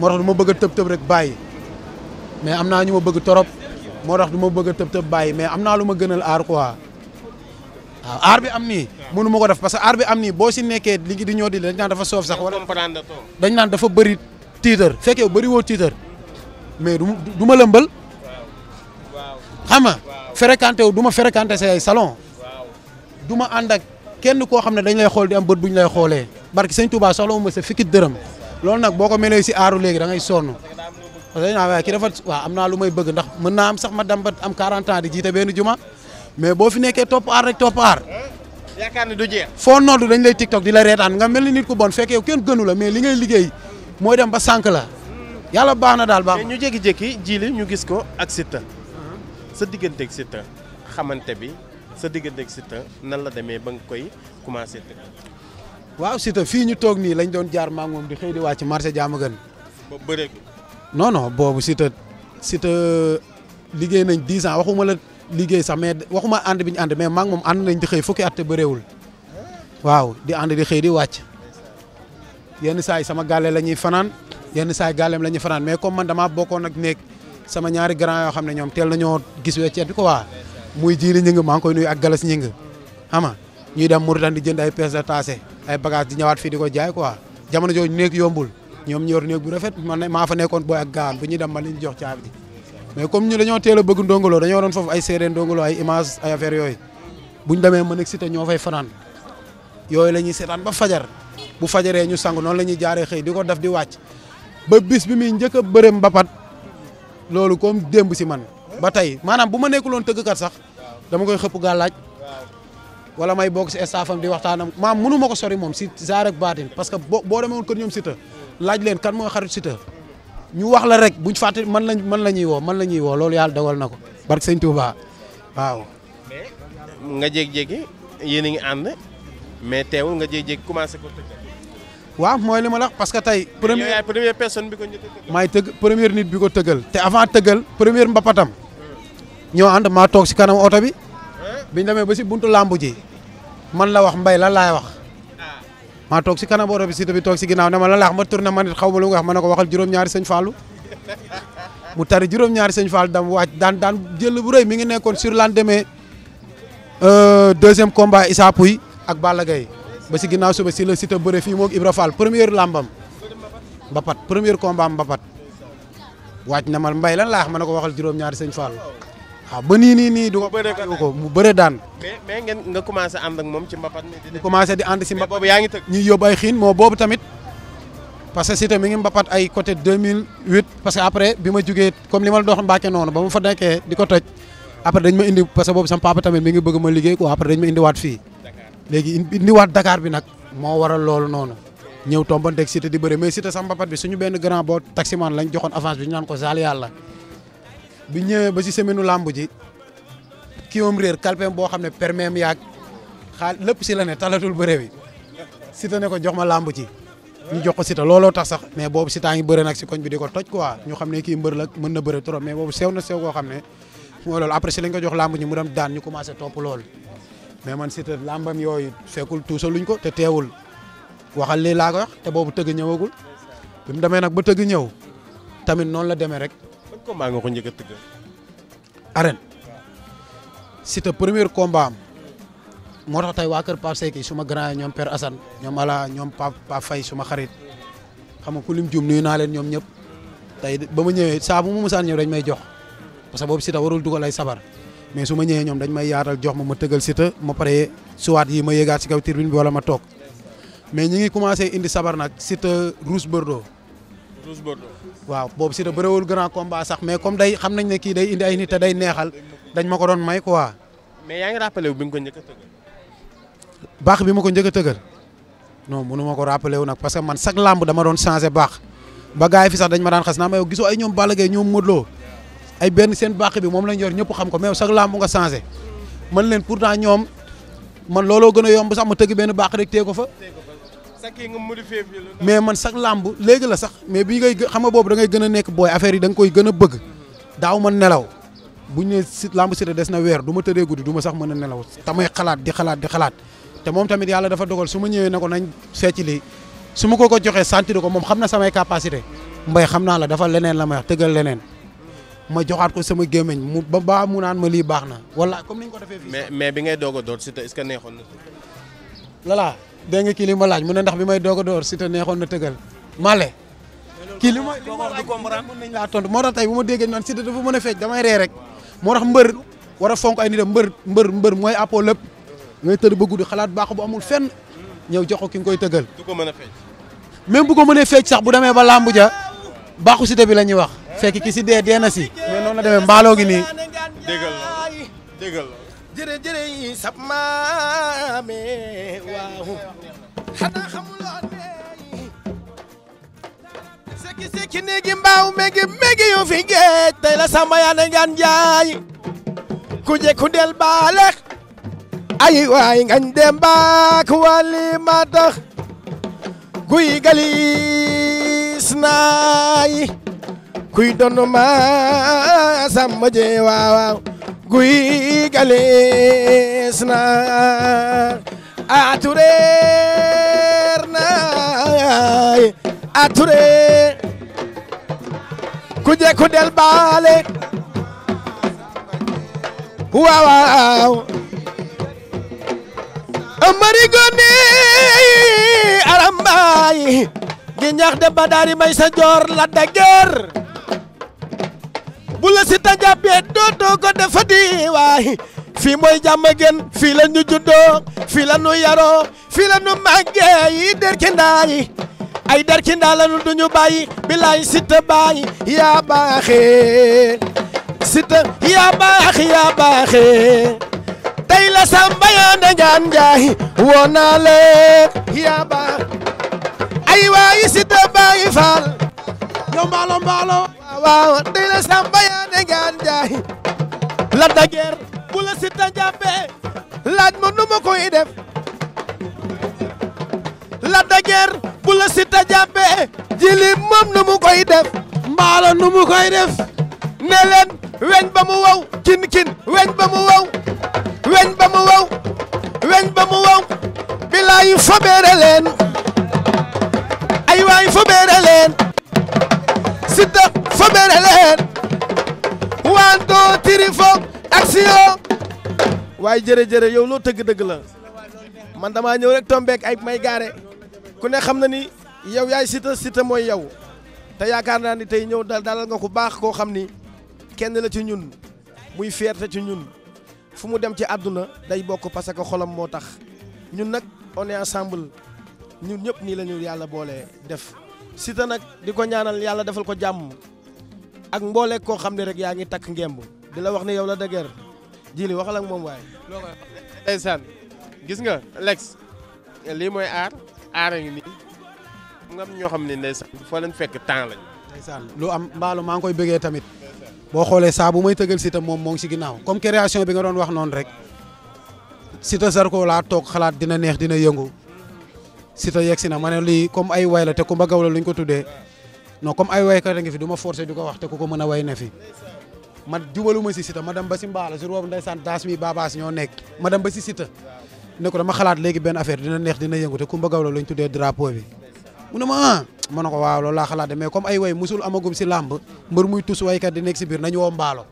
moo tax ma bëgg a tëb tëb bàyyi mais am naa ñu ma bëgg torop moo tax du ma bëgg a tëb tëb bàyyi mais am naa lu ma gënal aar quoi waaw aar bi am nii. mënu ma ko def parce que aar bi am nii boo si nekkee li di ñoo di dañ naan dafa soof sax. wala dañ naan dafa bëri tiitër. fekkee yow bëri woo tiitër mais du du ma lëmbal xam nga wu du ma fréquenté say salon du ma ànd ak kenn koo xam ne dañ lay xool di am bët bu ñu lay xoolee. barki sëñ Touba soxla wu ma sa fiki dërëm loolu nag boo ko melee si aaru léegi da ngay sonn. parce que dañu naan waaye ki dafa waaw am naa lu may bëgg ndax mën naa am sax ma dem am 40 ans di jiite benn juma mais boo fi nekkee topp aar rek topp aar. yaakaar ne du jeex. foo noddu dañ lay tiktok di la reetaan nga mel ni nit ku bon fekk yow kenn gënu la mais li ngay liggéey mooy dem ba sànq la yàlla baax na daal baax na. ñu jékki-jékki jiili ñu gis ko ak Siteu sa digganteeg Siteu xamante bi sa digganteeg Siteu nan la demee ba nga koy commencé tëgg. waaw Siteu fii ñu toog nii lañ doon jaar maa moom xëy di wàcc marché Diamaguène. ba bëreegul non boobu Siteu Siteu liggéey nañ 10 ans waxuma la liggéey sax mais waxuma ànd bi ñu ànd mais maa moom ànd nañ di xëy fukki at te bëreewul waaw di ànd di xëy di wàcc yenn saay sama gàlle la ñuy fanaan yenn saay yi gàllem la fanaan mais comme man damaa bokkoon ak nekk sama ñaari grand yoo xam ne ñoom teel nañoo gis wecceet bi quoi muy jiili ñi ngi maa ngi koy ak galas ñi ngi xama ñuy dem Mauritanie di jënd ay pièces détachées ay bagages di ñëwaat fii di ko jaay ko jamono jooju nekk yombul. ñoom ñor néeg bu rafet man ne maa fa nekkoon booy ak gaan bu ñuy dem ma jox caabi mais comme ñu dañoo teela a bëgg ndongolo dañoo doon foofu ay séeréer ndongolo ay image ay affaire yooyu buñ demee mën ak cité ñoo fay fanaan yooyu la ñuy seetaan ba fajar bu fajaree ñu sangu noonu la ñuy jaaree xëy di ko def di wàcc ba bis bi muy njëkk a bëre mbapat loolu kom démb si man ba tey maanaam bu ma nekkuloon kat sax dama koy xëpp gàllaaj wala may bokk si staffam di waxtaanam maam mënu ko sori moom si zaar ak parce que boo boo demee woon ñoom si laaj leen kan mooy xarit Siteu ñu wax la rek buñ fàtte man lañ man la ñuy woo man la ñuy loolu yàlla dogal na ko barke sëñ Touba waaw. nga jékki-jékki yéen a ngi ànd mais teewul nga jékki-jékki commencé ko waaw mooy li ma la wax que tey. première yaay première personne bi ko ñu tëggal. maay tëgg première nit bi ko tëggal te avant tëggal première mbapatam hmm. ñoo ànd maa toog si kanam oto bi biñ demee ba si buntu làmb ji man la wax mbay la laay wax. maa toog si kanam oto bi Siteu bi toog si ginnaaw ne ma la laax ma tourné ma nit xaw ma lu nga wax ma ne waxal juróom-ñaari sëñ Fallou mu tari juróom-ñaari sëñ Fallou dam waaj daan daan jël bu rëy mi ngi nekkoon sur lendemain euh, deuxième combat Issa Pouye ak Balla ba si ginnaaw suba si la Siteu bëre fii moog Ibra Fall première lambam mbapat premier combat am mbapat na mal mbay lan laax ma ne ko waxal juróom-ñaari sëñ Fallou waaw ba nii nii nii du ko bëree mu bëre daan mais nga commencé ànd moom ci mbapat commencé di ànd si mbapat boobu yaa ngi tëgg ñuy yóbbu ay xiin moo boobu tamit parce que Siteu mi ngi mbapat ay côté 2008 parce que après bi ma jugee comme li ma la doon mbàkke noonu ba ma fa nekkee di ko toj après dañ ma indi parce que boobu sama tamit mi ngi bëgg ma liggéey quoi après dañ ma indiwaat fii léegi indiwaat Dakar bi nag moo wara loolu noonu ñëw tombanteeg Siteu di bëre mais Siteu sax mbapat bi suñu benn grand boo taximan lañ joxoon avance bi ñu naan sal yàlla bi ñëwee ba si semaine làmb ji kii moom réer kalpeem boo xam ne permeem yaag xaal lépp ci la ne talatul bëre bi Siteu ko jox ma làmb ci ñu jox ko Siteu looloo tax sax mais boobu Siteu a ngi bëre nag si koñ bi di ko toj quoi ñu xam ne kii mbër la mën na bëre trop mais boobu sew na sew koo xam ne mooy loolu après ci lañ ko jox làmb ji mu dem daan ñu commencé topp lool mais man Siteu làmbam yooyu fekkul tuusa luñ ko te teewul waxal lii laa ko wax te boobu tëgg ñëwagul bi mu demee nag ba tëgg ñëw tamit noonu la demee rek combat nga ko njëkk a tëgg. arène. Siteu premier combat am. moo tax tey waa kër Pape Seyki suma grand ñoom Père Assane ñoom ala ñoom Pape Pape Faye suma xarit xam nga ku lim jum nuyu naa leen ñoom ñëpp tey ba ma ñëwee saa bu ma musaan ñëw dañ may jox parce que boobu Siteu warul dugal sabar mais su ñëwee ñoom dañ may yaatal jox ma ma tëggal Siteu ma paree suwaat yi ma yéegaat si kaw tribune bi wala ma toog mais ñi ngi commencé indi sabar nag Siteu Rouge Bordeaux waaw boobu Siteu bëréwul grand combat sax mais comme day xam nañ ne kii day indi ay nit te day neexal dañ ma ko doon may quoi. mais yaa ngi rappelé wu ko njëkk baax bi ma ko njëkk a tëggal non mënu ma ko rappelé wu nag parce que man chaque lamb dama doon changé baax ba gars yi dañ ma daan xas naa ma yow gisoo ay ñoom Balla Gaye ñoom Modou Lo ay benn seen baax bi moom lañ yor ñëpp xam ko mais chaque lamb nga changé man leen pourtant ñoom man looloo gën a yomb sax ma tëgg benn baax rek tee ko mais man sax làmb léegi la sax mais bi ngay xam nga boobu da ngay gën a nekk booy affaire yi da koy gën a bëgg daaw ma nelaw bu ñëwee si làmb si des na weer du ma tëree guddi du ma sax mën a nelaw tamay xalaat di xalaat di xalaat te moom tamit yàlla dafa dogal su ma ñëwee ne ko nañ seet lii su ma ko ko joxee sentir ko moom xam na samay capacité mbay xam naa la dafa leneen la may wax leneen ma joxaat ko sama gémmiñ mu ba ba mu naan ma lii baax na wala comme ni ñu ko defee mais mais bi ngay doog a doot si te est-ce dégg nga kii li ma laaj mu ne ndax bi may doog a door si te neexoon na tëgal male kii li ma li ma laaj mën nañ laa tontu moo tax tey bu ma déggee naan si te dafa mën a feej damay ree rek moo tax mbër wara a fonk ay nit mbër mbër mbër mooy appoo lépp ngay tëdd ba guddi xalaat baax bu amul fen ñëw joxo ki nga koy tëgal du ko mën a feej bu ko mënee feej sax bu demee ba làmb ja baaxu si bi la ñuy wax fekk ki si dee dee na si mais noonu la demee mbaaloo gi nii déggal la déggal la jërëjërë yi sab maame waaw xanaa xamuloo ne sekki sekki néegi mbaaw mégi mégi yu fi géej tey la sama yaa ne ngaan jaay ku jekku del baale ay waay ngañ dem baak wali ma tax kuy galis naay kuy doon ma sàmm jee waaw waaw guy galees na atureer naay atureer ku jekku del baale waaw waaw amari goni arambaay gi ñax de badaari may sa joor la dageer bu la si ta jàppee dootoo ko defati waay fii mooy jàmm gën fii la juddoo fii la ñu yaroo fii la ñu màggee yi derkindaa ay derkindaa la duñu bàyyi bilaay Siteu bàyyi yaa baaxee Siteu yaa baax yaa baaxee tey la Samba yaa na ñaan njaay woo naa yaa baax ay waayi Siteu bàyyi faal yow mbaalo mbaalo waaw tey la Samba ne gaan jaay la dageer bu la Siteu jàppee laaj ma nu ma koy def la dageer bu la Siteu jàppee jili moom nu mu koy def mbaala nu mu koy def ne leen weñ ba mu wow kin kin weñ ba mu wow weñ ba mu wow weñ ba mu wow bilaayi fobeere leen ay waay fobeere leen Siteu fobeere leen Ando Tirifok action waaye yow loo tëgg dëgg la man dama ñëw rek tombeek ay may gaare ku ne xam na ni yow yaay Siteu Siteu mooy yow te yaakaar naa ni tey ñëw dalal nga ko baax koo xam ni kenn la ci ñun muy fierté ci ñun fu mu dem ci àdduna day bokk parce que xolam moo tax ñun nag on est ensemble ñun ñëpp nii la ñu yàlla boolee def Siteu nag di ko ñaanal yàlla defal ko jàmm ak mboole koo xam ne rek yaa ngi takk ngemb di la wax ne yow la dëgër jili waxal ak moom waaye. ndeysaan gis nga lex lii mooy aar aar ngi nii ngam ñoo xam ne ndeysaan foo leen fekk temps lañu. ndeysaan lu am mbaalu maa ngi koy bëggee tamit boo xoolee saa bu may tëgal Siteu moom moo ngi si ginnaaw comme création bi nga doon wax noonu rek sita Zarko laa toog xalaat dina neex dina yëngu Siteu yegg si na ma ne lii comme ay way la te ku mbagaw la luñ ko tuddee. non comme ay waykat a ngi fi du ma forcé di ko wax te ku ko mën a way ne fi man jubalu ma si sita ma dem ba si mbaala jour boobu ndeysaan daas mi baabaas ñoo nekk ma dem ba si sita ne ko dama xalaat léegi benn affaire dina neex dina yëngu te Coumba Gawlo lañ tuddee drapeau bi ah, ma ne ko waaw laa xalaat mais comme ay way musul amagum si làmb mbër muy tus waykat di nekk si biir nañu woo mbaalo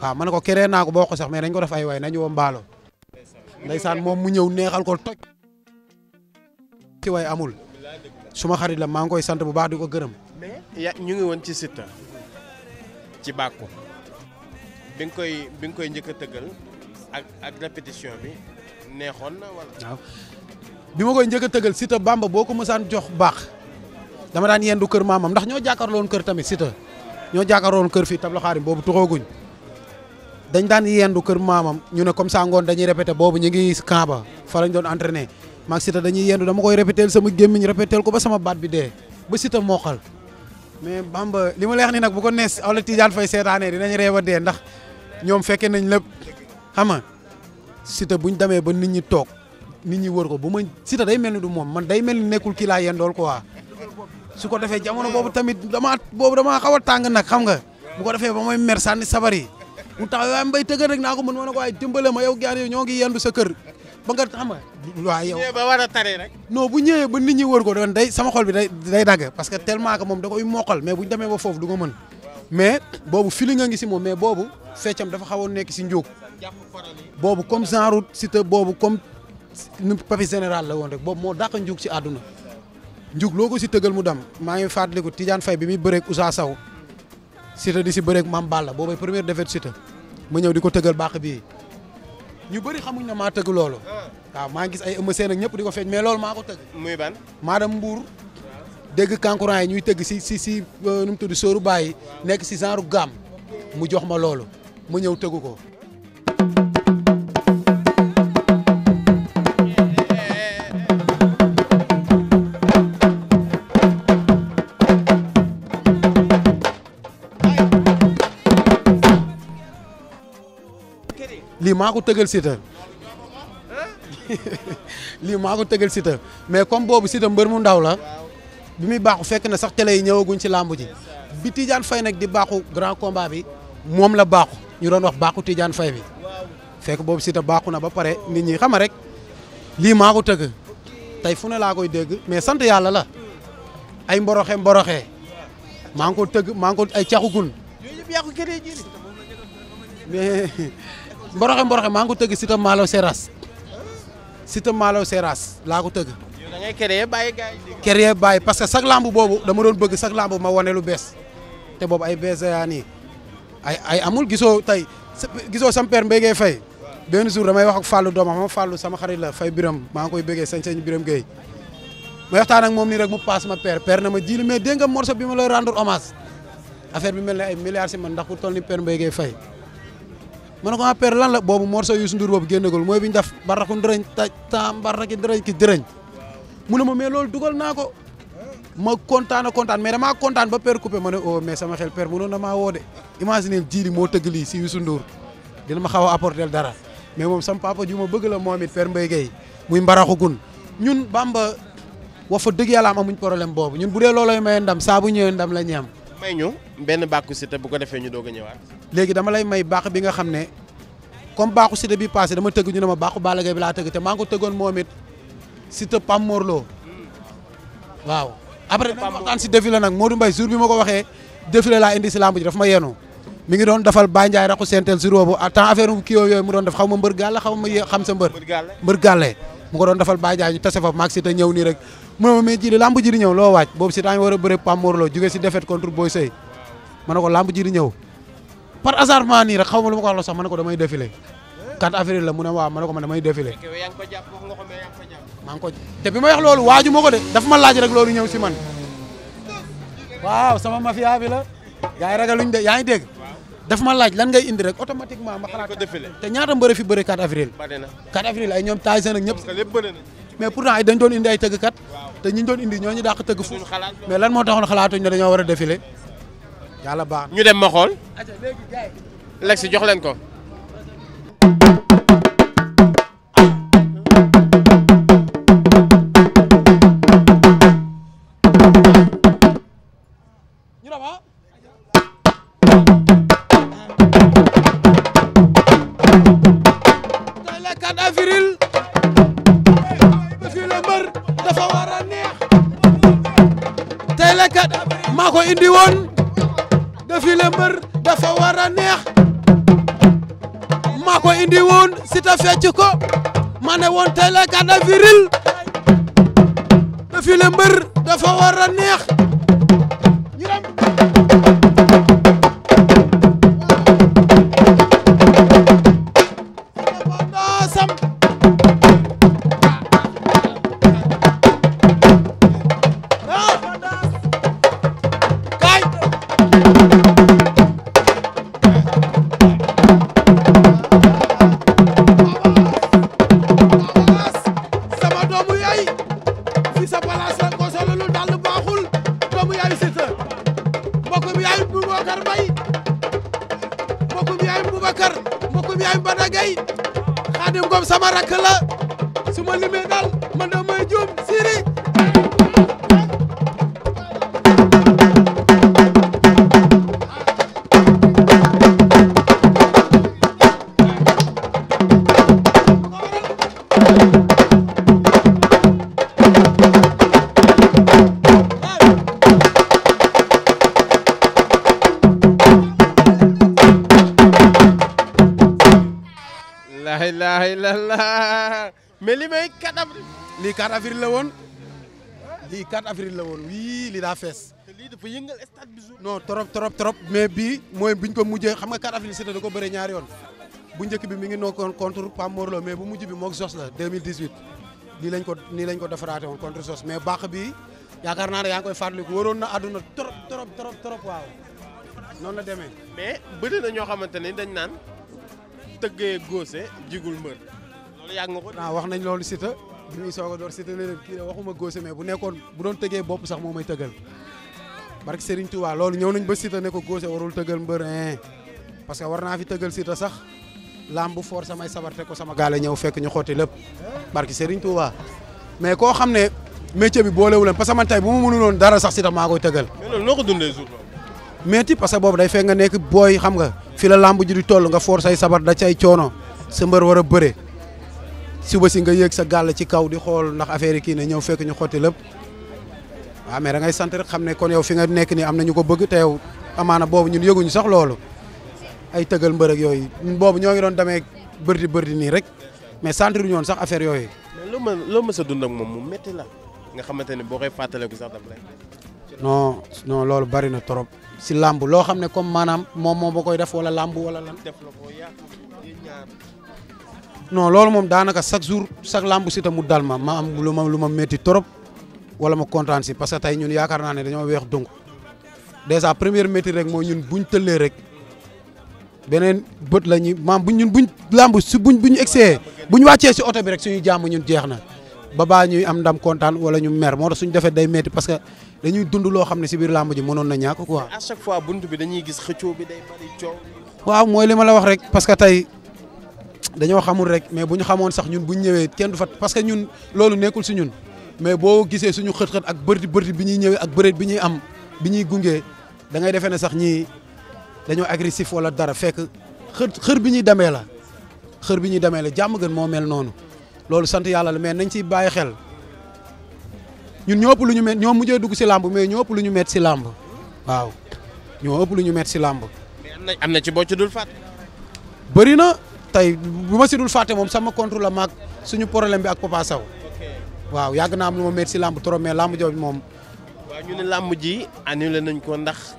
waaw ma ne ko keree naa ko boo ko sax mais dañ ko def ay way nañu woo mbaalo ndeysaan moom mu ñëw neexal ko toj ci way amul suma xarit la maa ngi koy sant bu baax di ko gërëm ya ñu ngi woon ci Siteu ci bàkku bi nga koy bi nga koy njëkk a tëggal ak ak répétition bi neexoon na wala. bi ma koy njëkk a tëggal Siteu Bamba boo ko mësaan jox baax dama daan yendu kër maamam ndax ñoo jàkkaarloon kër tamit Siteu ñoo jàkkaarloon kër fii tabla xaarim boobu tuxooguñ dañ daan yendu kër maamam ñu ne comme ça ngoon dañuy répété boobu ñu ngi camp ba fa lañ doon entraîné maag Siteu dañuy yendu dama koy répété sama gémmiñ répété ko ba sama baat bi dee ba Siteu mooxal mais Bamba li ma leex ni nag bu ko nees wala Tidiane Faye seetaanee dinañ reeba dee dax ñoom fekkee nañ lépp xam nga Siteu buñ demee ba nit ñi toog nit ñi wër ko bu ma Siteu day mel ni du moom man day mel ni nekkul kii laa ko quoi su ko defee jamono boobu tamit damaa boobu damaa xaw a tàng nag xam nga bu defee ba mooy mer sànni sabar yi mu tax waaye mbay rek naa ko mën ma ko waaye dimbale ma yow gaan ñoo ngi yendu sa kër ba nga xam nga waaw yow ba war a tare rek. non bu ñëwee ba nit ñi wër ko doon day sama xol bi day day dagg parce que tellement que moom da koy moqal mais bu ñu demee ba du ko mën mais boobu fili nga ngi si moom mais boobu feccam dafa xaw xawoon nekk si njóog boobu comme genre Siteu boobu comme nu papi général la woon rek boobu moo dàq njuug si àdduna njuug loo ko si tëgal mu dem maa ngi fàttaliku Tidiane Faye bi muy bëreeg Ousa Saw Siteu di si bëreeg Mame Balla boobay première défaite Siteu ma ñëw di ko tëgal bàq bii ñu bëri xamuñ na maa tëgg loolu. Ah. waaw maa ngi gis ay ëmb ak ñëpp di ko feeñ mais loolu maa ko tëgg. muy ban maadam mbuur dégg kankurang yi ñuy tëgg si si si euh, nu mu tudd sóoru bàyyi nekk si genre gaam mu jox ma loolu mu ñëw tëggu ko. lii maa ko tëgal Siteu [LAUGHS] lii maa ko tëgal Siteu mais comme boobu Siteu mbër mu ndaw la bi muy baaxu fekk na sax tele yi ñëwaguñ ci làmb ji bi Tidiane Faye nag di baaxu grand combat bi moom la baaxu ñu doon wax baaxu Tidiane fay bi fekk boobu Siteu baaxu na ba pare nit ñi xama rek lii maa ko tëgg tey fu ne laa koy dégg mais sant yàlla la ay mboroxe mboroxe maa ngi ko tëgg maa ngi ko ay caxugun [LAUGHS] mboroxe mboroxe maa ngi ko tëgg Cité Malo Seras Cité Malo Seras laa ko tëgg. yow da ngay créer bàyyi gars yi. que chaque lamb boobu dama doon bëgg chaque lamb ma wane lu bees te boobu ay bees yaa ay ay amul gisoo tey gisoo sam père mbéy ngay fay. benn jour damay wax ak Fallou doomam ma Fallou sama xarit la fay biram maa ngi koy bëggee sañ sañ biram Gueye ma waxtaan ak moom nii rek mu paas ma père père na ma jiili mais dégg nga morceau bi ma lay rendre hommage affaire bi mel ne ay milliards man ndax ku toll ni père mbéy fay. ma ne ko ah père lan la boobu morceau Youssou Ndour boobu génnagul mooy bi ñu def baraku ndërëñ taj tam baraki ndërëñ ki dërëñ mu ne ma mais loolu dugal naa ko ma kontaan a kontaan mais damaa kontaan ba per coupé ma ne oh sama xel per mënoon na maa woo de imagine jiili moo tëgg lii si Youssou Ndour dina ma xaw a apporter dara mais moom sam papa ju ma bëgg la moom it père Mbaye Gueye muy mbaraxu gun ñun Bamba wax fa dëgg yàlla am amuñ problème boobu ñun bu dee loolooy maye ndam ñëwee ndam la ñu may ñu benn bàkku Siteu bu ko defee ñu doog a ñëwaat. léegi dama lay may baax bi nga xam ne comme baaxu Siteu bi passé dama tëgg ñu ne ma baaxu Balla Gaye bi laa tëgg te maa ngi ko tëggoon moom it Siteu Pam Morlo waaw. après dañu waxtaan si défilé nag Modou Mbaye jour bi ma ko waxee défilé laa indi si lamb ji daf ma yéenoo mi ngi doon defal Baye Ndiaye raxu senteel si roobu temps affaire kii yooyu mu doon def xaw ma mbër gàll xaw ma xam sa mbër. mbër gàlle mu ko doon defal Baye Ndiaye ñu tase fa maag Siteu ñëw nii rek mu ne ma mais li lamb ji ñëw loo waaj boobu Siteu ngi war a bëre Pam Morlo jugee si défaite contre Boy Sey ma ne ko lamb ji ñëw par hasard maa nii rek xaw ma lu ma ko wax sax ma ne ko damay défilé 4 avril la mu ne waaw ma ne ko man damay défilé maa ngi ko te bi ma wax loolu waaju ma ko de dafa ma laaj rek loolu ñëw si man waaw sama mafia bi la yaa ngi ragaluñ de yaa ngi dégg daf ma laaj lan ngay indi rek automatiquement ma xalaat te ñaata mbëre fi bëre 4 avril 4 avril ay ñoom taay seen ak ñëpp mais pourtant ay dañ doon indi ay tëggkat te ñi doon indi ñoo ñu tëgg fu mais lan moo taxoon xalaatuñ ne dañoo a défilé yàlla baax ñu dem ko fecc ko ma ne woon tey la dafa war a neex 4 avril la woon lii 4 avril la woon wii lii daa fees. te lii dafa yëngal stade bi non trop trop trop mais bii mooy biñ ko mujjee xam nga 4 avril Siteu da ko bëree ñaari yoon bu njëkk bi mi ngi nokkoon contre Pam Morlo mais bu mujj bi moog Zos la 2018 nii lañ ko nii lañ ko defaraate woon contre Zos mais baax bi yaakaar naa ne yaa ngi koy fàttaliku waroon na aduna trop trop trop trop waaw noonu la demee. mais bëri na ñoo xamante ne dañ naan tëggee góose jigul mbër loolu yàgg nga ko. Ah, wax nañ loolu Siteu bi muy soog a door Siteu leen kii ne waxuma góose mais bu nekkoon bu doon tëggee bopp sax moo may tëggal barke Serigne Touba loolu ñëw nañ ba Siteu ne ko góose warul tëggal mbër parce que war naa fi tëggal Siteu sax lamb bu for samay sabarte ko sama gaale ñëw fekk ñu xotti lépp barke Serigne Touba mais koo xam ne métier bi boolewu leen parce que man tey bu ma mënul woon dara sax Siteu maa koy tëggal. mais loolu noo ko dundee jour métti parce que boobu day fekk nga nekk booy xam nga fi la lamb ji di toll nga for say sabar da cay coono sa mbër war a bëre suba si nga yëg sa gàll ci kaw di xool ndax affaire yi kii ne ñëw fekk ñu xotti lépp waaw mais da ay sant rek xam ne kon yow fi nga nekk nii am na ñu ko bëgg te yow amaana boobu ñun yëguñu sax loolu ay tëgal mbër ak yooyu boobu ñoo ngi doon demee bërdi bërdi nii rek mais sentir ñoon sax affaire yooyu. mais loo ma loo mës a dund ak moom mu métti la nga xamante ne boo koy fàttaliku sax daf lay. non non loolu bari na trop. si làmb loo xam ne comme maanaam moom moo ma koy def wala làmb wala lan. def la non loolu moom daanaka chaque jour chaque lamb si ta mu dal ma ma am lu ma lu ma métti trop wala ma kontaan si parce que tey ñun yaakaar naa ne dañoo weex donc déjà première métti rek mooy ñun buñ tëllee rek beneen bët la ñuy maam buñ ñun buñ lamb si buñ buñ egsee buñ wàccee si oto bi rek suñu jàmm ñun jeex na ba baa ñuy am ndam kontaan wala ñu mer moo tax suñu defee day métti parce que dañuy dund loo xam ne si biir lamb ji mënoon na ñàkk quoi. à chaque bunt bi dañuy gis xëccoo la wax rek parce que tey. dañoo xamul rek mais bu ñu xamoon sax ñun bu ñu ñëwee kenn du fat parce que ñun loolu nekkul si ñun mais boo gisee suñu xët-xët ak bërti bërti bi ñuy ñëwee ak bëreet bi ñuy am bi ñuy gungee dangay ngay defee ne sax ñi dañoo agressif wala dara fekk xër xër bi ñuy demee la xër bi ñuy demee la jàmm gën moo mel noonu loolu sant yàlla la mais nañ ci bàyyi xel ñun ñoo ëpp lu ñu met ñoo mujjee dugg si làmb mais ñoo ëpp lu ñu met si làmb waaw ñoo ëpp lu ñu met si làmb. mais am na ci boo ci dul fàtt. bëri tey bu ma si dul fàtte moom sama contre la maag suñu problème bi ak Papa Sow waaw yàgg naa am lu ma métti si làmb trop mais làmb jooju moom. waaw làmb ji annulé nañ ko ndax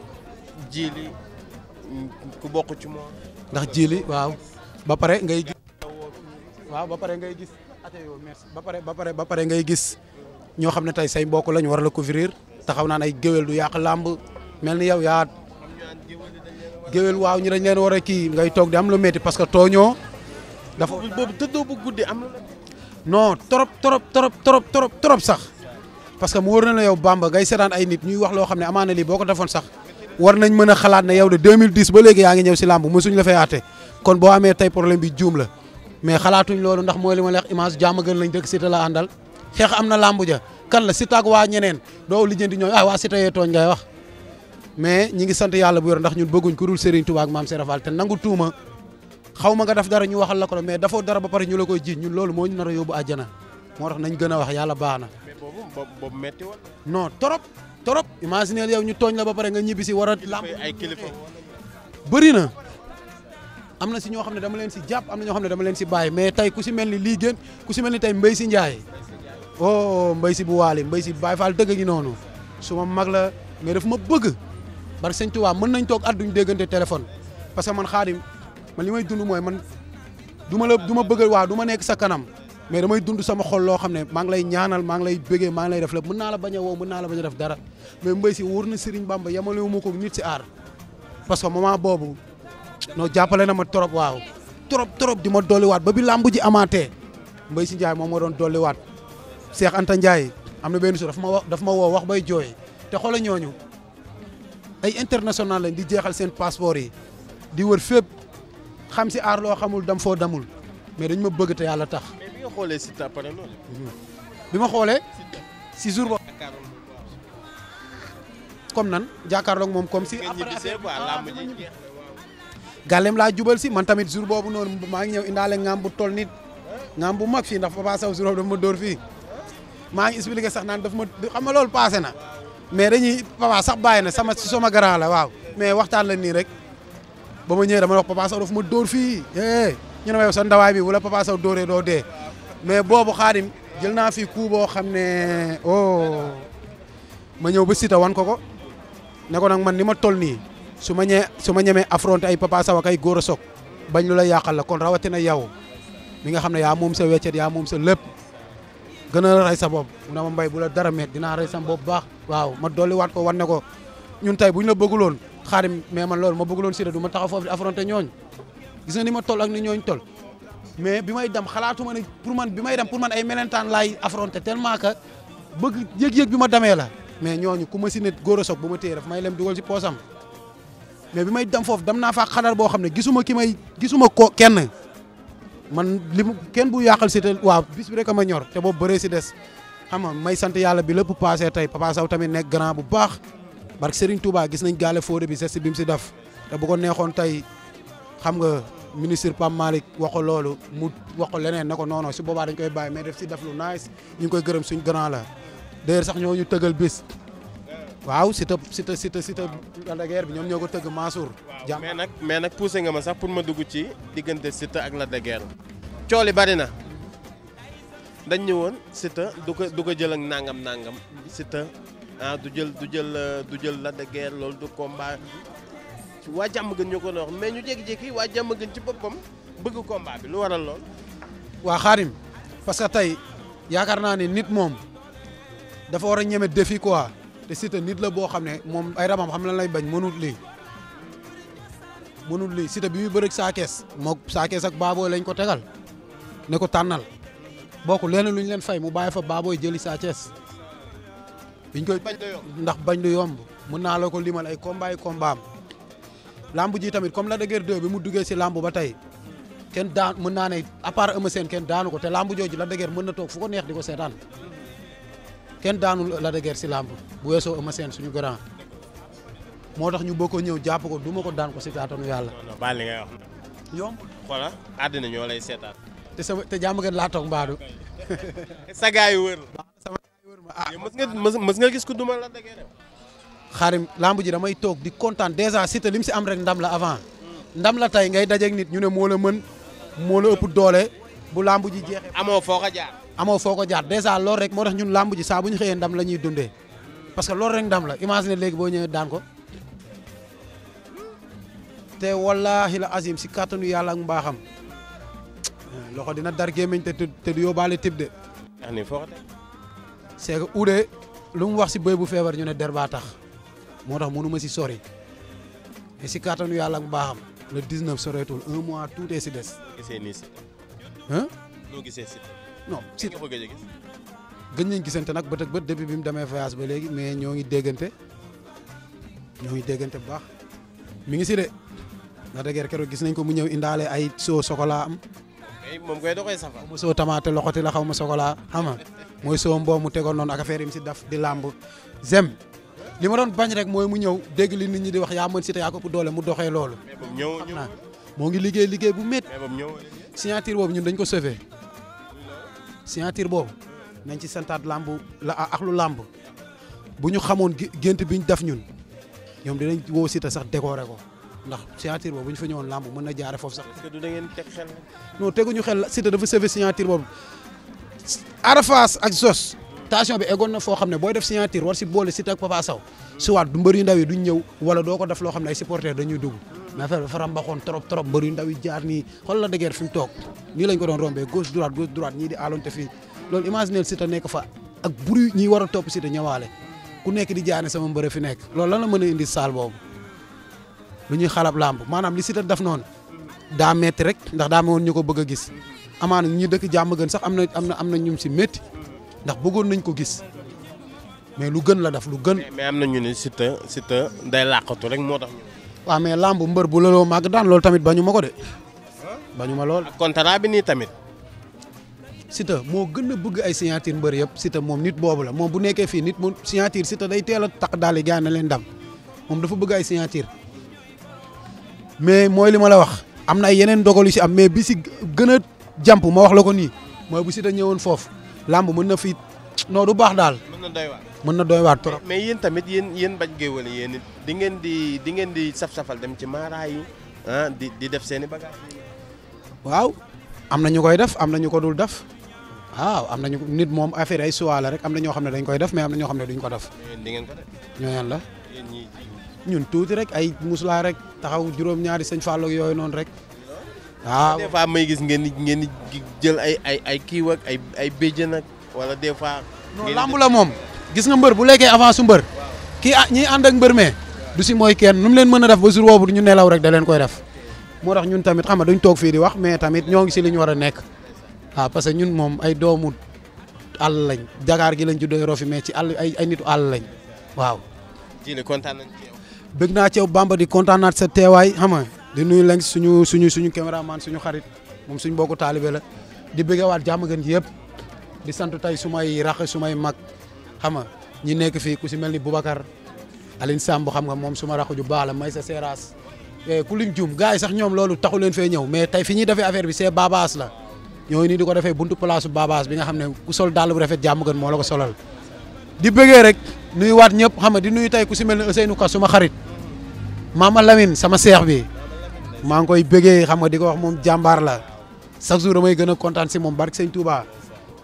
ji ku bokk ci moom. ndax ji li waaw ba pare ngay gis. ba pare ngay gis ba pare ba pare ba pare ngay gis ñoo xam ne tey say mbokk lañ war la couvrir taxaw naan ay géwél du yàq làmb mel ni yow yaat géwél waaw ñu dañ leen war kii ngay toog di am lu métti parce que tooñoo. dafa boobu tëddoo bu guddi am non trop trop trop trop trop trop sax parce que mu wóor na la yow Bamba ngay seetaan ay nit ñuy wax loo xam ne amaana lii boo ko defoon sax war nañ mën a xalaat ne yow de 2010 ba léegi yaa ngi ñëw si làmb mosuñ la fay aate kon boo amee tey problème bi juum la mais xalaatuñ loolu ndax mooy li ma la wax image jàmm gën lañ dëkk si la àndal xeex am na làmb ja kan la si tag waa ñeneen doo lijjanti ñooñu ah waa si tayee tooñ ngay mais ñi ngi sant yàlla bu yor ndax ñun bëgguñ ku dul Serigne Touba ak maam Serap Fall te nangu tuuma xaw nga def dara ñu waxal la ko mais dafoo dara ba pare ñu la ko jiiñ ñun loolu moo ñu nar a yóbbu àjjana moo tax nañ gën a wax yàlla baax na. mais boobu boobu non trop trop imagineel yow ñu tooñ la ba pare nga ñibbi si war a. làmb ay kilifa bëri na am na si ñoo xam ne dama leen si jàpp am na ñoo xam ne dama leen si bàyyi mais tey ku si mel ni lii gën ku si mel ni tey mbay si Ndiaye oh mbay si bu waale mbay si Baye Fall dëgg gi noonu su mag la mais daf ma bëgg barke sëñ Tuubaa mën nañ toog at duñ déggante téléphone parce que man xaadim man li may dund mooy man duma ma la du ma bëgg waaw du ma nekk sa kanam mais damay dund sama xol loo xam ne maa ngi lay ñaanal maa ngi lay bëggee maa ngi lay def lépp mën naa la bañ a woo mën naa la bañ a def dara mais mbay si wóor na Serigne Bamba yamale wu ma ko nit si aar parce que moment boobu noo jàppale na ma trop waaw trop trop di ma dolliwaat ba bi làmb ji amaatee mbay si Ndiaye moom moo doon dolliwaat waat Anta Ndiaye am na benn su dafa ma wax dafa ma woo wax bay jooy te xoolal ñooñu. ay international lañ di jeexal seen passeport yi di wër fépp xam si aar loo xamul dam foo damul mais dañu ma bëgg te yàlla tax. bi xoolee si tapare bi ma xoolee. si jour boobu. comme nan jàkkaarloog moom kom si. après ah, gàllem laa jubal si man tamit jour boobu noonu maa ngi ñëw indaale ngaam bu toll nit ngaam bu mag fii ndax Papa Sow jour boobu daf ma dóor fii maa ngi expliqué sax naan daf ma xam ma loolu passé na. mais dañuy papa sax bàyyi na sama sama grand la waaw mais waxtaan la nii rek ba ma ñëwee dama wax papa saw dafa ma dóor fii ñu ne ma yow sa ndawaay bi wala papa saw dóoree doo dee mais boobu xaadim jël naa fii coup boo xam ne oh. ma ñëw ba sita wan ko ko ne nag man ni ma toll nii su ma ñee su ma ñemee affronté ay papa saw ak ay góor a soog bañ lu la yàqal la kon rawatina yow mi nga xam ne yaa moom sa weccet yaa moom sa lépp gën a rey sa bopp mu a ma mbay bu la dara met dinaa rey sa bopp baax waaw ma dolli waat ko wan ne ko ñun tey bu ñu la bëgguloon xaarim mais man loolu ma bëgguloon Siteu du ma taxaw foofu di affronter ñooñ gis nga ni ma tol ak ni ñooñ toll mais bi may dem xalaatu ma ne pour man bi may dem pour man ay melentaan lay affronter tellement que bëgg yëg-yëg bi ma demee la mais ñooñu ku ma si ne góor a soog bu ma téye daf may lem dugal si poosam mais bi may dem foofu dem naa fa xadar boo xam ne gisuma ki may gisuma ko kenn man li mu kenn bu yàqal Siteu waaw bis bi rek a ma ñor te boobu bëree si des xam may sant yàlla bi lépp passé tey Papa Sow tamit ne grand bu baax barke Serigne Touba gis nañ gaale fóode bi geste bi mu si def te bu ko neexoon tey xam nga ministre Pam Malick wax loolu mu wax leneen ne ko non non boobaa dañ koy baay mais def si def lu nice ñu ngi koy gërëm suñ grand la d'ailleurs sax ñoo ñu tëgal bis waaw Siteu Siteu Siteu Siteu Lac de bi ñoom ñoo ko tëgg Mansour. waaw mais nag mais nag poussé nga ma sax pour ma dugg ci diggante Siteu ak Lac de cooli cool na dañ ñëwoon Siteu du ko du ko jël ak nangam nangam Siteu ah, du jël du jël du jël Lac de Guiers loolu du combat waa jàmm gën ñu ko doon mais ñu jékki-jékki waa jàmm gën ci boppam bëgg combat bi lu waral lool. waa xaarim parce que tey yaakaar naa ne nit moom dafa war a ñeme défi quoi. te Siteu nit la boo xam ne moom ay rabam xam lan lay bañ mënut lii mënut lii Siteu bi muy bëreeg saakees moo saakees ak baabooy lañ ko tegal ne ko tànnal bokk leen lu ñu leen fay mu bàyyi fa baabooy jëli saakees biñ koy ndax bañ du yomb mën naa la ko limal ay combat ay combat am ji tamit comme la dëgër deux bi mu duggee si lamb ba tey kenn daan mën naa ne à part Eumeu Sène daanu ko te lamb jooju la dëgër mën na toog fu ko neex di ko seetaan kenn daanu Lac de Guiers si làmb bu weesoo Eumeu suñu grand moo tax ñu boo ñëw jàpp ko du ko daan ko si kattanu yàlla. baal li ngay wax. yomb xoola àddina ñoo sa [LAUGHS] gars yu wër. ma ah. nga gis ku duma Lac de Guiers. xaarim damay toog di kontaan dèjà Siteu li mu si am rek ndam la avant ndam la tey ngay dajeeg nit ñu ne moo mën moo la ëpp doole bu lamb jeexee. amoo foo ko jaar dèjà loolu rek moo tax ñun làmb ji saa bu ñu xëyee ndam la ñuy dundee parce que loolu rek ndam la imagine léegi boo ñëwee daan ko te wallaahi la azim si kàttanu yàlla ak mbaaxam eh, loxo dina dar gémmiñ te te du yóbbaale tib de. ani ah, foo ko teg lu mu wax si bëy bu feebar ñu ne der baa tax moo tax mënu si sori mais si kàttanu yàlla ak mbaaxam le 19 soreetul un mois tout est si des. noo gisee nii si. gisee non si nga ko gëj a gis. gëj nañ gisante nag bët ak bët depuis bi mu demee voyage ba léegi mais ñoo ngi déggante ñoo ngi déggante bu baax mi ngi si de ndax dëgg keroog gis nañ ko mu ñëw indaale ay soo chocolat am. mais moom koy da koy safal. xaw ma soo tamaate loxoti la xaw ma chocolat xam nga mooy soo mboom mu tegoon noonu ak affaire yi mu si daf di làmb zem. li ma doon bañ rek mooy mu ñëw dégg li nit ñi di wax yaa si Siteu yaa ko ëpp doole mu doxee loolu. mais moo ngi liggéey liggéey bu métti. signature boobu ñun dañ ko sauvé. signature boobu nañ ci sentaat làmb la ak lu làmb bu ñu xamoon gént bi ñu def ñun ñoom dinañ woo Siteu sax décorer ko ndax signature boobu bu ñu fa ñëwoon làmb mën na jaare foofu sax. est-ce que du da ngeen teg xel. non teguñu xel Siteu dafa sauvé signature boobu Arafas ak Zos. tension bi eggoon na foo xam ne booy def signature war si boole Siteu ak Papa Sow. soit du mbër yu ndaw ñëw wala doo ko def loo xam ne ay supporters dañuy dugg. mais affaire bi dafa rambaxoon trop trop mbër yu ndaw yi jaar nii xool la dëgër fi mu toog nii lañ ko doon rombee gauche droite gauche droite ñii di aalonte fii loolu imaginer Siteu nekk fa ak bruit ñi war a topp Siteu ñëwaale ku nekk di jaane sama mbër fi nekk loolu lan la mën a indi saal boobu lu ñuy xalab làmb maanaam li Siteu def noon daa metti rek ndax daa woon ñu ko bëgg a gis amaana ñu dëkk jàmm gën sax am na am na am na ñum si métti ndax bëggoon nañ ko gis mais lu gën la def lu gën. mais am ñu ne Siteu Siteu day làqatu rek moo tax. waaw mais lamb mbër bu loloo màgg daan loolu tamit bañu ma ko de bañu ma lool. contrat bi nii tamit. Siteu moo gën a bëgg ay signature mbër yëpp Siteu moom nit boobu la moom bu nekkee fii nit moom signature Siteu day teel a tax daal i gaañ leen dam moom dafa bëgg ay signature mais mooy li ma la wax am na ay yeneen dogal yu si am mais bi si gën a jàmp ma wax la ko nii mooy bu Siteu ñëwoon foofu làmb mën na fi. non du baax daal. mën na doy waar mën na doy waar mais yéen tamit yéen yéen bañ géwël yéen it di ngeen di di ngeen di saf-safal dem ci maara yi ah, di di def seen i bagage waaw am na ñu koy def am na ñu ko dul def waaw am nañu nit moom affaire ay suwaa rek am na ñoo xam ne dañ koy def mais am na ñoo xam ne duñ ko def. di ngeen ko def. ñooñu la. ñun tuuti rek ay muslaa rek taxaw juróom-ñaari sëñ Fall yooyu noonu rek. waaw des may gis ngeen ni ngeen di jël ay ay ay kiiw ak ay ay béjjën wala des fois. non lamb la moom gis nga mbër bu lekkee avance su mbër kii ah ànd ak mbër me du si mooy kenn nu mu leen mën a def ba jour boobu ñu nelaw rek da leen koy def moo tax ñun tamit xam nga duñ toog fii di wax mais tamit ñoo ngi si li ñu war a nekk waaw ah, parce que ñun moom ay doomu àll lañ Dakar gi lañ juddoo Rofi mais ci àll ay ay nitu àll lañ waaw. jii kontaan bëgg naa ci yow Bamba di kontaan sa teewaay xam nga di nuyu lañ suñu suñu suñu caméraman suñu xarit moom suñu bokku taalibe la di bëggewaat jàmm gën ji yëpp. di sant tey suma may rax su may mag xam nga ñi nekk fii ku si mel ni Boubacar Aline Samb xam nga moom su ma rax ju baax la may sa seeraas eh, ku lim juum gars yi sax ñoom loolu taxu leen fee ñëw mais tey fi ñuy defee affaire bi c'est babaas la ñooñu nii di ko defee buntu place bu babaas bi nga xam ne ku sol dàll bu rafet jàmm gën moo la ko solal di bëggee rek nuy waat ñëpp xam nga di nuyu tey ku si mel ni Ousseynou Ka suma xarit maam Mama Lamine sama seex bi maa ngi koy bëggee xam nga di ko wax moom jàmbaar la chaque jour damay gën a kontaan si moom barke sëñ Touba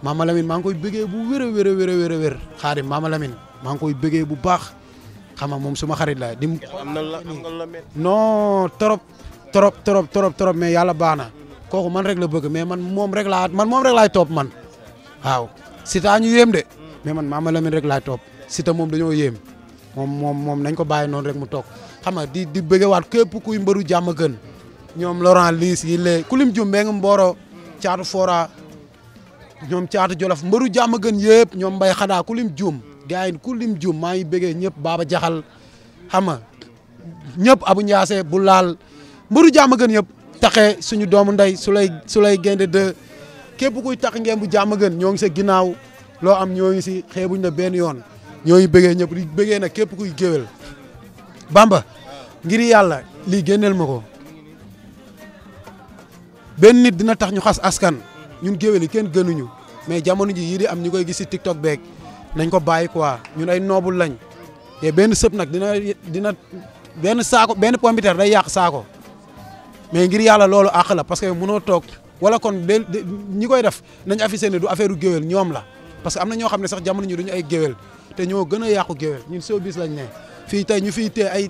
Mama Lamine maa ngi koy bëggee bu wér a wér a wér a wér xaarim Mama Lamine maa ngi koy bëggee bu baax xam nga moom suma xarit la dim noo trop trop trop trop trop mais yàlla baax na kooku man rek la bëgg mais man moom rek laa man moom rek laay topp man waaw Siteu ñu yéem de mais man Mama Lamine rek laay topp Siteu moom dañoo yéem moom moom moom nañ ko bàyyi noonu rek mu toog xam nga di di bëggewaat képp kuy mbëru jàmm gën ñoom Laurent Liss yi lée ku lim jum mbooro caatu fora ñoom caatu jolof mbaru jàmm gën yëpp ñoom mbay xadaa ku lim juum gars yi ku lim juum maa ngi bëggee ñëpp baaba jaxal xam nga ñëpp abu njaase bu laal mbëru jàmm gën yëpp taxee suñu doomu ndey su lay su lay génde de képp kuy tax ngeen bu jàmm gën ñoo ngi sa ginnaaw loo am ñoo ngi si xeebuñ la ben yoon ñoo ngi bëggee ñëpp di bëggee nag képp kuy géwél bamba ngir yàlla lii génneel ma ko benn nit dina tax ñu xas askan ñun géwél yi kenn gënuñu mais jamono ji yii di am ñu koy gis si TikTok beeg nañ ko bàyyi quoi ñun ay noobul lañ te benn sëb nag dina dina benn saako benn pompiter day yàq saako mais ngir yàlla loolu àq la parce que munoo toog wala kon de ñi koy def nañ affiché ne du affaire u géwél ñoom la parce que am na ñoo xam ne sax jamono ñu duñu ay géwél te ñoo gën géwél ñun showbiz lañ ne fii tey ñu fiy tee ay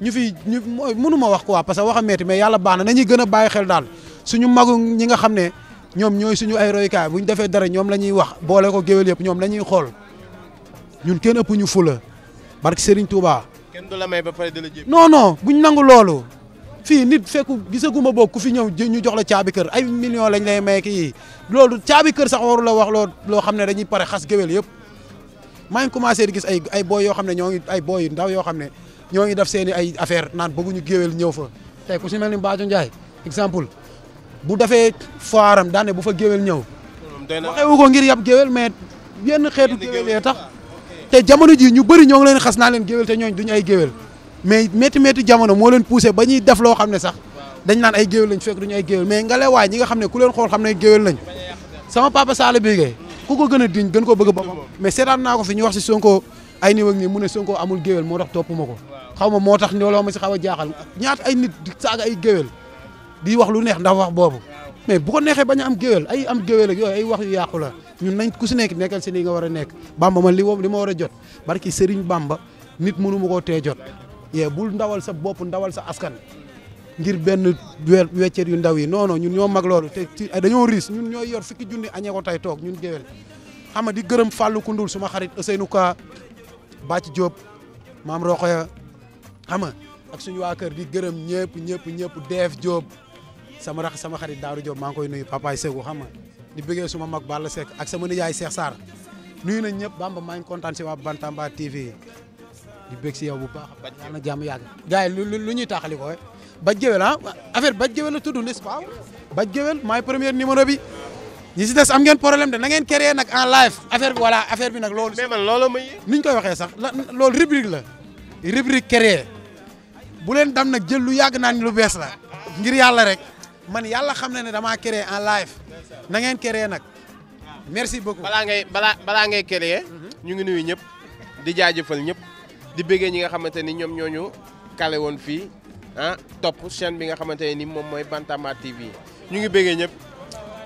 ñu fiy ñu mënu ma wax quoi parce que wax a metti mais yàlla baax na nañuy gën a bàyyi xel daal suñu magu ñi nga xam ne ñoom ñooy suñu ay royukaay bu ñu defee dara ñoom la ñuy wax boole ko géwél yëpp ñoom la ñuy xool ñun kenn ëpp ñu fula barke Serigne Touba. kenn du la may ba pare di la jéem. non non buñ nangu loolu fii nit fekku gisaguma bokk ku fi ñëw ñu jox la caabi kër ay million lañ lay may kii loolu caabi kër sax waru la wax loo loo xam ne dañuy pare xas géwél yëpp maa ngi commencé di gis ay ay booy yoo xam ne ñoo ngi ay booy yu ndaw yoo xam ne ñoo ngi def seen i ay affaire naan bëgguñu géwél ñëw fa tey ku si mel ni Mbathio Ndiaye exemple. bu defee foiram daan ne bu fa géwél ñëw. waxewu ko ngir yab géwél mais yenn xeetu géwél yee tax. te jamono ji ñu bari ñoo ngi leen xas naa leen géwél te ñooñ duñu ay géwél mais métti métti jamono moo leen poussé ba ñuy def loo xam ne sax dañ naan ay géwél lañ fekk duñu ay géwél mais ngale ñi nga xam ne ku leen xool xam ne géwél lañ sama papa Sala Bigué hmm. ku ko gën a diñ gën ko bëgg boppam mais seetaan naa ko fi ñu wax si Sonko ay ni ak nii mu Sonko amul géwél moo tax topp ma ko xaw ma moo tax looloo ma si xaw a jaaxal ñaat ay nit di saaga ay géwél di wax lu neex ndax wax boobu mais bu ko neexee bañ a am géwél ay am géwél ak yooyu wax yu yàqu la ñun nañ ku si nekk nekkal si li nga war a nekk Bamba ma li woom li ma war a jot barki Serigne Bamba nit mënu ma koo tee jot yee bul ndawal sa bopp ndawal sa askan ngir benn weccet yu ndaw yi noonoo ñun ñoo mag loolu te ci dañoo riis ñun ñoo yor fukki junni añee ko tey toog ñun géwél ama di gërëm Fallou Koundoul suma xarit Ousseynou Ka Bàcc Diop maam Roxoya xam ama ak suñu waa kër di gërëm ñëpp ñëpp ñëpp Deef Diop sama rax sama xarit Daaru Diop maa ngi koy nuyu papaay Segu xam nga di bëggee suma mag Balla Seck ak sama nijaay Cheikh Sarr nuyu nañ ñëpp Bamba maa ngi kontaan si waa Bantamba TV di bëgg si yow bu baax. bàjj na nag jàmm yàgg. gars yi lu lu ñuy taaxali ko eh? baj géwél ah affaire baj géwél la tudd n'est-ce pas baj géwél maay numéro bi ñi si des am ngeen problème de na ngeen créer nag en live affaire bi affaire bi nag loolu. mais man loolu ñu koy waxee sax loolu rubrique la rubrique créer bu leen dam nag jël lu yàgg naan lu bees la ngir yàlla rek. man yàlla xam na ne damaa créer en live na ngeen créer nag merci beaucoup. balaa ngay balaa balaa ngay créer mhm. ñu ngi nuyu ñëpp di jaajëfal ñëpp di bëggee ñi nga xamante ni ñoom ñoo ñu kale woon fii ah topp chaîne bi nga xamante ne ni moom mooy Bantamba TV ñu ngi bëggee ñëpp.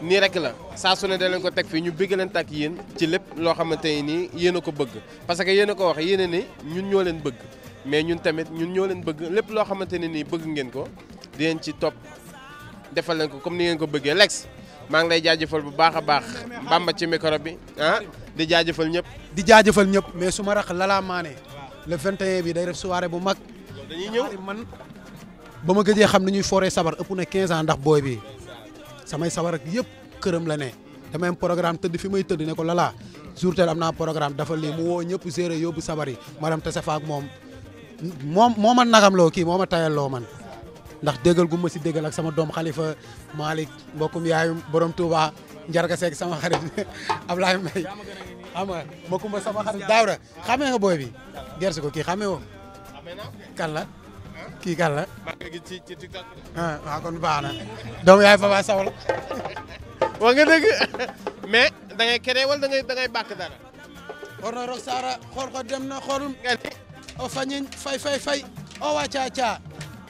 nii rek la saa su ne da leen ko teg fii ñu bëgg leen tak yéen ci lépp loo xamante nii yéen a ko bëgg parce que yéen a ko wax yéen ni ñun ñoo leen bëgg mais ñun tamit ñun ñoo leen bëgg lépp loo xamante ne nii bëgg ngeen ko di leen ci topp defal leen ko comme ni ngeen ko bëggee lex maa ngi lay jaajëfal bu baax a baax bamba ci micro bi ah di jaajëfal ñëpp. di jaajëfal ñëpp mais su ma rax Lala Mané le 21 bi day def soirée bu mag. dañuy ñëw man ba ma gëjee xam ni ñuy fooree sabar ëpp na 15 ans ndax booy bi samay sabar ak yëpp këram la ne damay programme tëdd fi may tëdd ne ko Lala jour tel am naa programme dafa lii mu woo ñëpp gérer yóbbu sabar yi ma dem tase fa moom moom moo ma nagam loo kii moo ma tayal loo man. ndax déggal gu ma si déggal ak sama doom xalifa Malick mbokkum yaayu borom Touba njarga seeg sama xarit [LAUGHS] Ablaye Mbaye xam nga mbokkum sama xarit Daawda xamee nga booy bi ko kii xamee woo kan la kii kan ah, kon baax na doom yaay Papa Sow la [LAUGHS] wax nga dëgg mais da ngay créé wala da dara xor na rox saara xool ko dem na xoolum nga fay fay fay o waa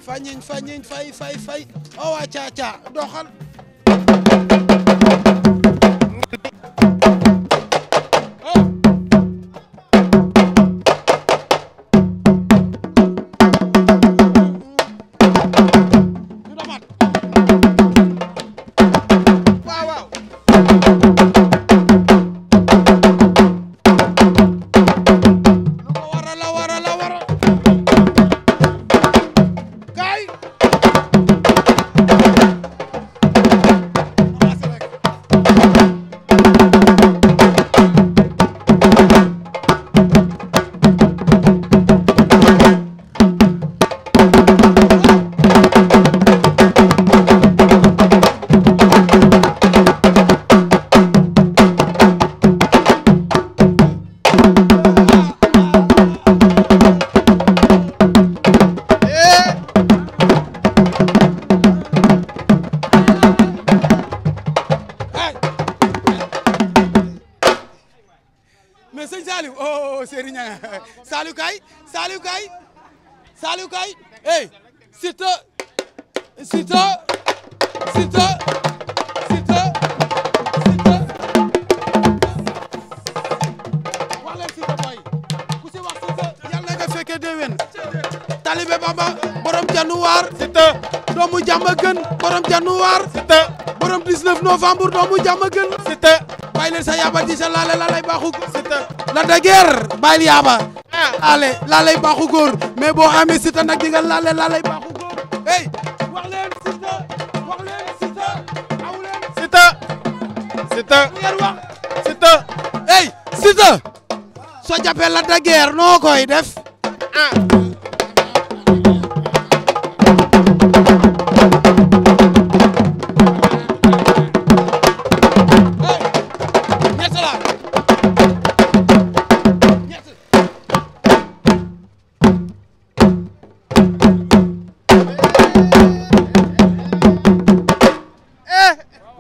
fañiñ fañiñ fay fay fay o oh, wacca ca doxal guerre bàyyil yaaba ah. laale laalay baaxu góor mais boo amee Siteu nag di nga laale laalay baaxu góor hey wax leen Siteu wax leen Siteu da guerre noo koy def